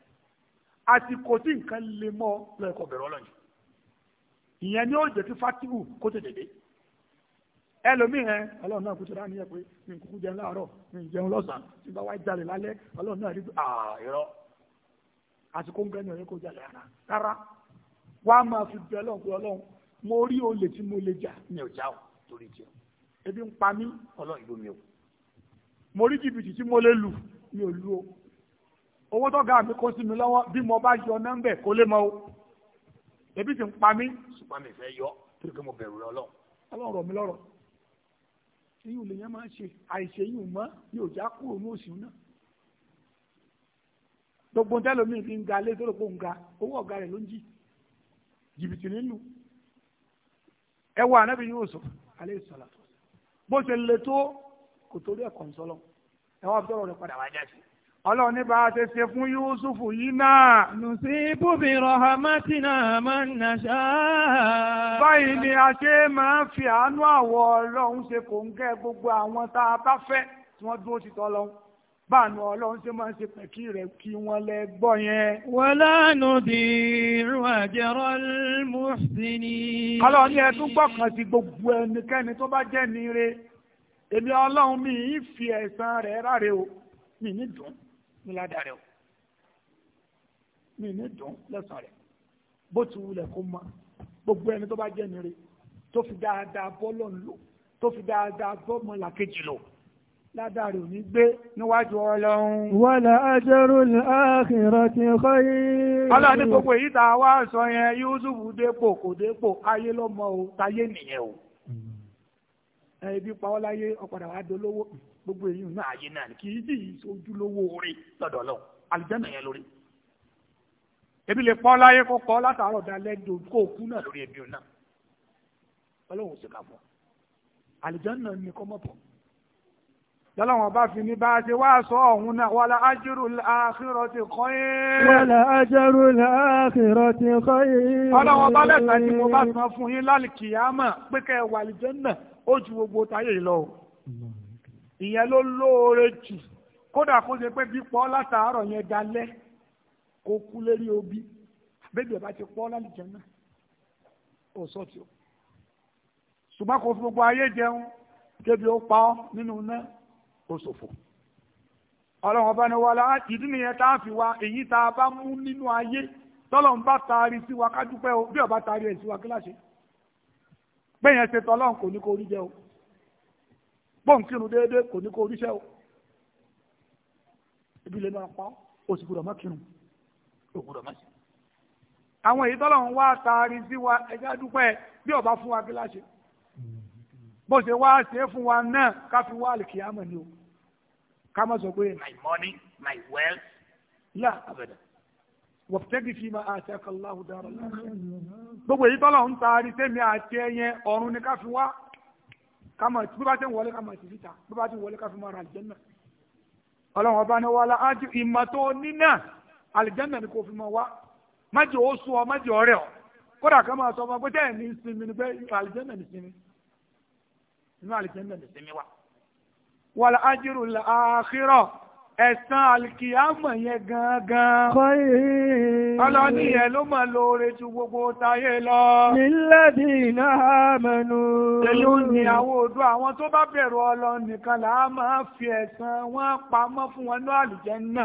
àsìkò tí nǹkan lè mọ́ lọ́ọ̀kọ̀ bẹ̀rẹ̀ ọlọ́yìn ìyẹn ni ó jẹ́ kí fatigu kó tètè dé ẹlòmíì hẹn ọlọ́run náà kò tó dáníyẹ pé mi kúkú jẹun láàárọ̀ mi jẹun lọ́sàn-án tí bá wá jalè lálẹ́ ọlọ́run náà rí àìrọ́ àsìkò ń gbẹ́ni ọ̀rẹ́ kó jalè rárá wá máa fi bẹ ọlọ́run pé ọlọ́run mo rí olè tí mo lè jà mi ò já o torí jẹ ebi ń pa mí ọlọ́run ìlú mi o mo rí jìbìtì tí mo lè lù mi ò lù o owó tọ́gà mi kó sí mi lọ́wọ́ bí mo bá yọ nọ́mbẹ̀ kó lé mọ́ o ebi ti ń pa mí ṣùgbọ́n mi fẹ́ yọ torí pé mo bẹ̀rù ọlọ́run ọlọ́run rọ̀ mí lọ́rọ̀ èyí ò máa ń ṣe àìṣe yìí ò mọ́ ní òjá kúrò ní òṣì náà gbogbo tẹ́lómi fi ń ga lé tó lè kó ń ga owó ọ̀gá rẹ̀ ló ń jì jìbìtì nínú ẹ wọ anabi Yusuf alayhi salatu bó ṣe le tó kò torí ẹ̀kọ́ nsọ́lọ́ ẹ wọ́n fi ọ̀rọ̀ rẹ̀ padà wá jáde. Ọlọ́run ní bá a ṣe ṣe fún Yusuf yìí náà. Nùsíbù bí rahmatina máa Báyìí ni a ṣe máa fi àánú àwọ̀ Ọlọ́run ṣe kò ń gẹ́ gbogbo àwọn tá a bá fẹ́ tí wọ́n dúró ti tọ́ lọ́hùn báàánú ọlọ́run ṣe máa ń ṣe pẹ̀ kí rẹ̀ kí wọ́n lẹ gbọ́ yẹn. wọlá nù di irun àjẹrọ mùsùlùmí. ọlọ́run ní ẹtún gbọ́kàn sí gbogbo ẹnikẹ́ni tó bá jẹ́ nire èmi ọlọ́run mi ì fi ẹ̀san rẹ̀ ráre o mi ní dùn ní ládàá rẹ o mi ní dùn lẹ́san rẹ̀ bó ti wulẹ̀ kó mọ gbogbo ẹni tó bá jẹ́ nire tó fi dáadáa bọ́ lọ́nù lò tó fi dáadáa bọ́ mọ́lá kejì lò ládàrí ò ní gbé níwájú ọlọ́run. wàlá ajẹ́rù láàkìrọ̀ ti kọ́ yìí. ọlọ́ni gbogbo èyí tá a wá sọ yẹn Yusuf dépò kò dépò ayé ló mọ o táyé nìyẹn o. Hmm. ẹbí pa ọ́ láyé ọ̀padà wàá dolówó gbogbo èyí náà ayé náà kì í sì ojúlówó orí lọ́dọ̀ lọ yẹn lórí. ebi lè pọ́ láyé kó pọ́ látàárọ̀ dalẹ́ dojú kó kú náà lórí ẹbí náà. ọlọ́run ò lọ́lọ́wọ́n bá fi ní bá ṣe wá sọ ọ̀hun náà wala ajrul akhirati khayr wala ajrul akhirati khayr ọlọ́wọ́n bá lẹ́ta ni mo bá san fún yín lálìkìyàmà pé kẹ́ ẹ wà àlìjẹ́nà ó ju gbogbo táyé lọ ìyẹn ló lóore jù kódà kó ṣe pé bí pọ́ látàárọ̀ yẹn dalẹ́ kó kú lérí obi bébí ẹ̀ bá ti pọ́ lálìjẹ́nà ó sọ tí o ṣùgbọ́n kò fi gbogbo ayé jẹun kébi ó pa ọ́ nínú náà ó ṣòfò ọlọ́run ọba ni wà láà ìdí nìyẹn tá a fi wa èyí tá a bá mú nínú ayé tọ́lọ̀ ń bá taari sí wa ká dúpẹ́ o bí ọba taari ẹ̀ sí wa kíláṣe bẹ́yẹn ṣe tọ́lọ́run kò ní kó rí o bọ́ǹkìrún déédéé kò ní kó rí o ibi lè máa pa sì gbúdọ̀ má kírun ó gbúdọ̀ àwọn èyí tọ́lọ́run wá taari sí wa ẹ̀já dúpẹ́ bí ọba fún wa kíláṣe mm-hmm. bó ṣe wá ṣe é fún wa náà ká fi wá àlìkìyàmọ̀ ni o ká má sọ pé my money my wealth la abada wọ̀pẹ́gì fi máa àti akọ̀láhùn dára lọ́kàn. gbogbo èyí tọ́lọ̀ ń taari tẹ́mi àti ẹyẹ ọ̀run ni ká fi wá bí bá ti ń wọlé ká máa ti fi ta bí bá ti ń wọlé ká fi máa ra àlìjẹ́nà. ọlọ́run ọba ni wọ́n la ájú ìmọ̀ tó nínà àlìjẹ́nà ni kò fi máa wá májì ó sún ọ májì ọ̀rẹ́ ọ kódà ká máa sọ ọmọ pé tẹ́ẹ̀ ní sinmi ni pé àlìjẹ́nà ní sinmi wàlá ájírù àkírọ̀ ẹ̀sán alìkìyàmọ̀ yẹn gangan ọlọ́ni yẹn ló mọ̀ lóore ju gbogbo tayé lọ nílẹ̀dì iná mẹ́nu èyí ò odò àwọn tó bá bẹ̀rù ọlọ́run nìkan là máa fi ẹ̀sán wọn pamọ́ fún wọn ní àlùjánnà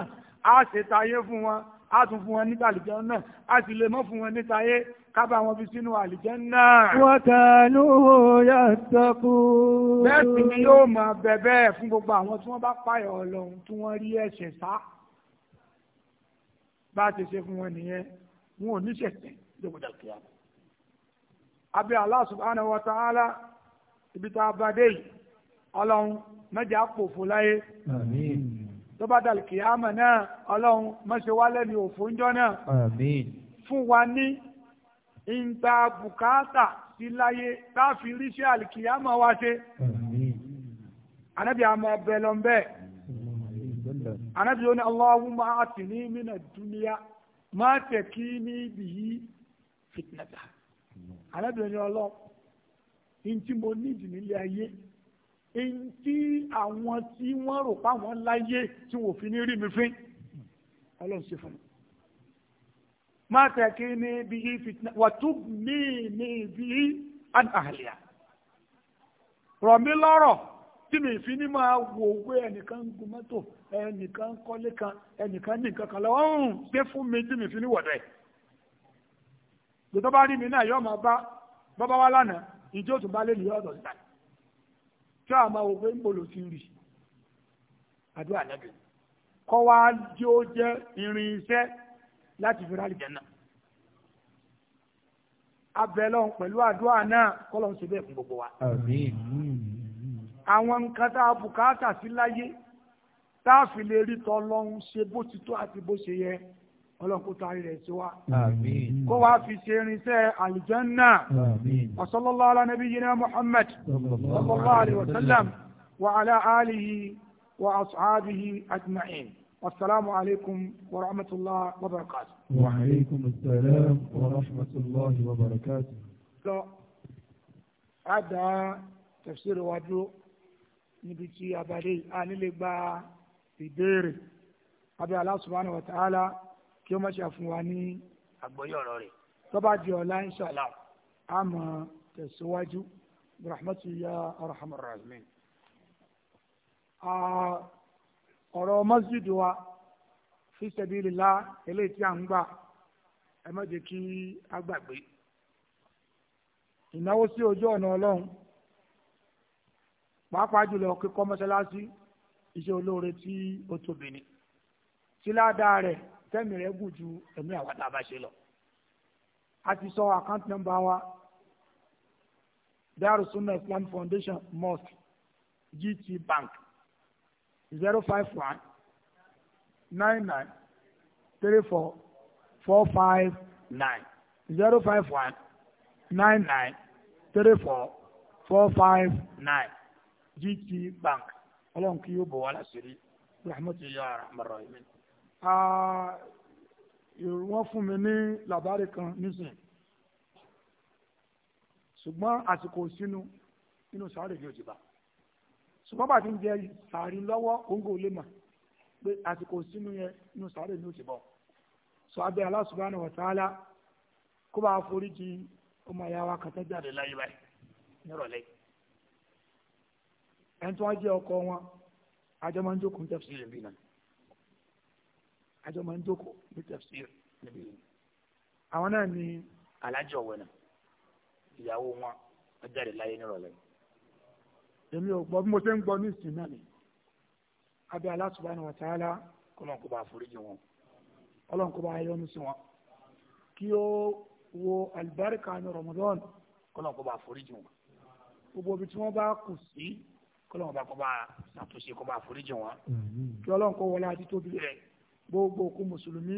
á ṣe tayé fún wọn á tún fún wọn nígbà àlùjánnà á sì lè mọ́ fún wọn ní tayé kábà wọn fi sínú àlìjẹ́nnà. wọ́n kàánú yà sọ́kù. ni yóò máa bẹ fún gbogbo àwọn tí wọ́n bá pààyàn ọlọ́run tí wọ́n rí ẹ̀ṣẹ̀ sá. bá a ti ṣe fún wọn nìyẹn wọn ò ní ṣẹ̀ṣẹ̀ lóbodà kíá. abẹ́ Allah subhanahu wa ibi tá a bá dé yìí ọlọ́run mẹ́jà pòfò láyé. tó bá dàlùkìyàmọ̀ náà ọlọ́run mọ́ṣẹ́ wálẹ̀ ní òfò ń náà. fún wa ní ìta bùkátà sí láyé táàfin ríṣẹ́ àlìkìyàmọ̀ wá ṣe anábì àmọ́ ọbẹ̀ lọ bẹ́ẹ̀ anábì ó ní Allahumma atini mina dunya ma takini bihi fitnata anábì ó ní ọlọ́ ntí mo nídìí nílé ayé ntí àwọn tí wọ́n rò pa wọ́n láyé tí wọ́n fi ní rí mi fín ọlọ́run ṣe fún mi. ما تكيني به فتنة وتبنيني به عن an rọ̀ mí lọ́rọ̀ tí mi fi ní máa wò wé enikan gun mọ́tò kan kan fún mi mi fi n'i wọ̀dẹ̀. gbèsè bá mi náà yóò ma bá bàbá wa lana ìjọ tún bá lé ní a ti wa láti fi rálì jẹ́ náà abẹ́lọ́n pẹ̀lú àdúrà náà kọ́lọ́n ṣe bẹ́ẹ̀ fún gbogbo wa. àwọn nǹkan tá a bùkátà sí láyé tá a fi lè rí tọ́lọ́run ṣe bó ti tó àti bó ṣe yẹ ọlọ́run kó rẹ̀ sí wa. kó wa fi ṣe irinṣẹ́ àlùjànnà. wa sallallahu ala nabiyyina muhammad sallallahu alayhi wa sallam wa ala alihi wa ashabihi ajma'in. والسلام عليكم ورحمة الله وبركاته وعليكم السلام ورحمة الله وبركاته هذا تفسير وادو نبتي أبالي أنا لبا ìbéèrè abẹ́ Allah subhanahu wa ta'ala kí ó má ṣe fún wa ní àgbọ́yọ̀rọ̀ rẹ̀ tó bá di ọ̀la insha Allah a máa tẹ̀síwájú rahmatullahi arhamar rahimin. ọ̀rọ̀ mọ́sídìí wa fi eléyìí tí à ń gbà ẹ má jẹ́ kí a gbàgbé ìnáwó sí ojú ọ̀nà ọlọ́run pàápàá jùlọ kíkọ́ mọ́sálásí iṣẹ́ olóore tí ó tóbi ni tí ládàá rẹ̀ tẹ́mi rẹ̀ gùn ju ẹ̀mí àwọn lọ. a ti sọ account number wa Darussunnah Islam Foundation Mosque GT Bank zero five one nine nine three four four five nine zero five one nine nine three four four five nine GT Bank ọlọ́run kí yóò bọ̀ wá láṣìírí rahmatu ya rahman rahim. Ah, wọ́n fún mi ní làbárí kan nísìn ṣùgbọ́n àsìkò sínú inú sáré ni ò ti bá. ṣùgbọ́n bàtí ń jẹ sàárì lọ́wọ́ òǹgò lè pé àsìkò sínú yẹn inú sàárì ní òsì sọ kó wa kàtà jáde láyé báyìí nírọ̀lẹ́ ẹni tí wọ́n ọkọ wọn máa ń jókòó ní níbí náà máa ń jókòó ní níbí àwọn náà ní náà ìyàwó wọn láyé nírọ̀lẹ́ èmi ò gbọ́ bí mo ṣe ń gbọ́ ní ìsìn náà ni abẹ́ Allah subhanahu wa ta'ala kọ́lọ́n kó bá foríjì wọn kọ́lọ́n kó bá yọ́nú sí wọn kí ó wo alibarika ní Ramadan kọ́lọ́n kó bá foríjì wọn gbogbo ibi tí wọ́n bá kù sí kọ́lọ́n bá kó bá ṣàtúnṣe kó bá foríjì wọn kí ọlọ́n kó wọlé àti tóbi rẹ̀ gbogbo òkú mùsùlùmí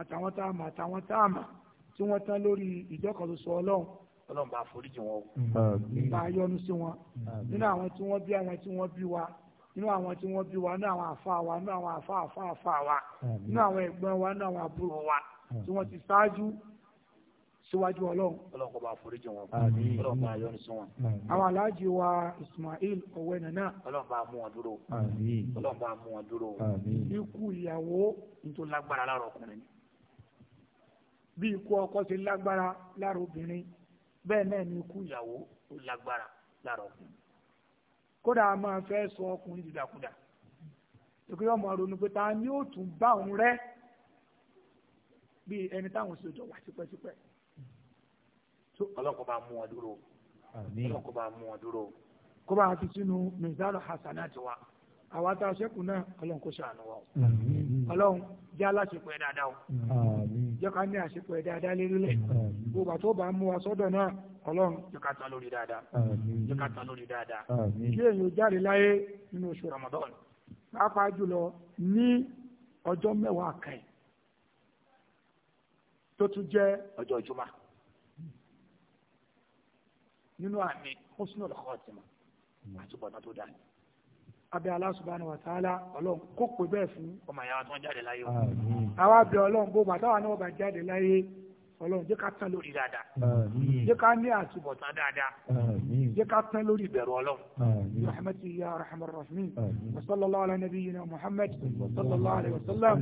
àtàwọn táàmà àtàwọn táàmà tí wọ́n tán lórí ìjọkọ̀ọ́sọ ọlọ́run ọlọ́run bá foríjì wọn o. bá a yọ́nú sí wọn nínú àwọn tí wọ́n bí àwọn tí wọ́n bí wa nínú àwọn tí wọ́n bí wa nínú àwọn àfa wa nínú àwọn àfa àfa àfa wa nínú àwọn ẹ̀gbọ́n wa nínú àwọn àbúrò wa tí wọ́n ti ṣáájú síwájú ọlọ́run. ọlọ́run kò bá foríjì wọn ọlọ́run bá yọ́nú sí wọn. àwọn aláàjì wa Ismail ọ̀wẹ́ nàná. ọlọ́run bá mú wọn dúró ọlọ́run bá mú wọn dúró ikú ìyàwó nítorí lágbára lára ọkùnrin bí ikú ọkọ ti lágbára lára obìnrin bẹ́ẹ̀ náà ni ikú ìyàwó ó lágbára lára ọkùnrin kódà a máa fẹ́ sọ ọkùnrin dìdàkudà tòkè ọmọ ronú pé ta ni ó tún bá òun rẹ́ bí ẹni táwọn sojọ wà tipẹ́tipẹ́ tó ọlọ́kọ̀ bá mú wọn dúró ọlọ́kọ̀ bá mú wọn dúró kó bá fi sínú mizanu hasanati wa àwa tá a ṣẹ́kù náà ọlọ́run kó ṣàánú wa ọlọ́run jẹ́ aláṣepọ̀ ẹ̀ dáadáa o jẹ́ ká ní àṣepọ̀ ẹ̀ dáadáa lérí lẹ̀ gbogbo tó bá mú wa sọ́dọ̀ náà ọlọ́run jẹ́ ká ta lórí dáadáa jẹ́ ká ta lórí dáadáa ṣé èyàn jáde láyé nínú oṣù Ramadan pàápàá jùlọ ní ọjọ́ mẹ́wàá kan tó tún jẹ́ ọjọ́ ìjùmọ̀ nínú àmì husnul khatima àtúbọ̀tán tó dáa abẹ́ Allah subhanahu wa ta'ala ọlọ́run kó pè bẹ́ẹ̀ fún ọmọ ìyá tó ń jáde láyé o àwa abẹ́ ọlọ́run gbogbo àtàwọn náà bá jáde láyé ọlọ́run jẹ́ ká tán lórí dáadáa jẹ́ ká ní àtúbọ̀tán dáadáa jẹ́ ká tán lórí ìbẹ̀rù ọlọ́run rahmatu ya rahman rahim wa sallallahu ala muhammad wa sallallahu alayhi wa sallam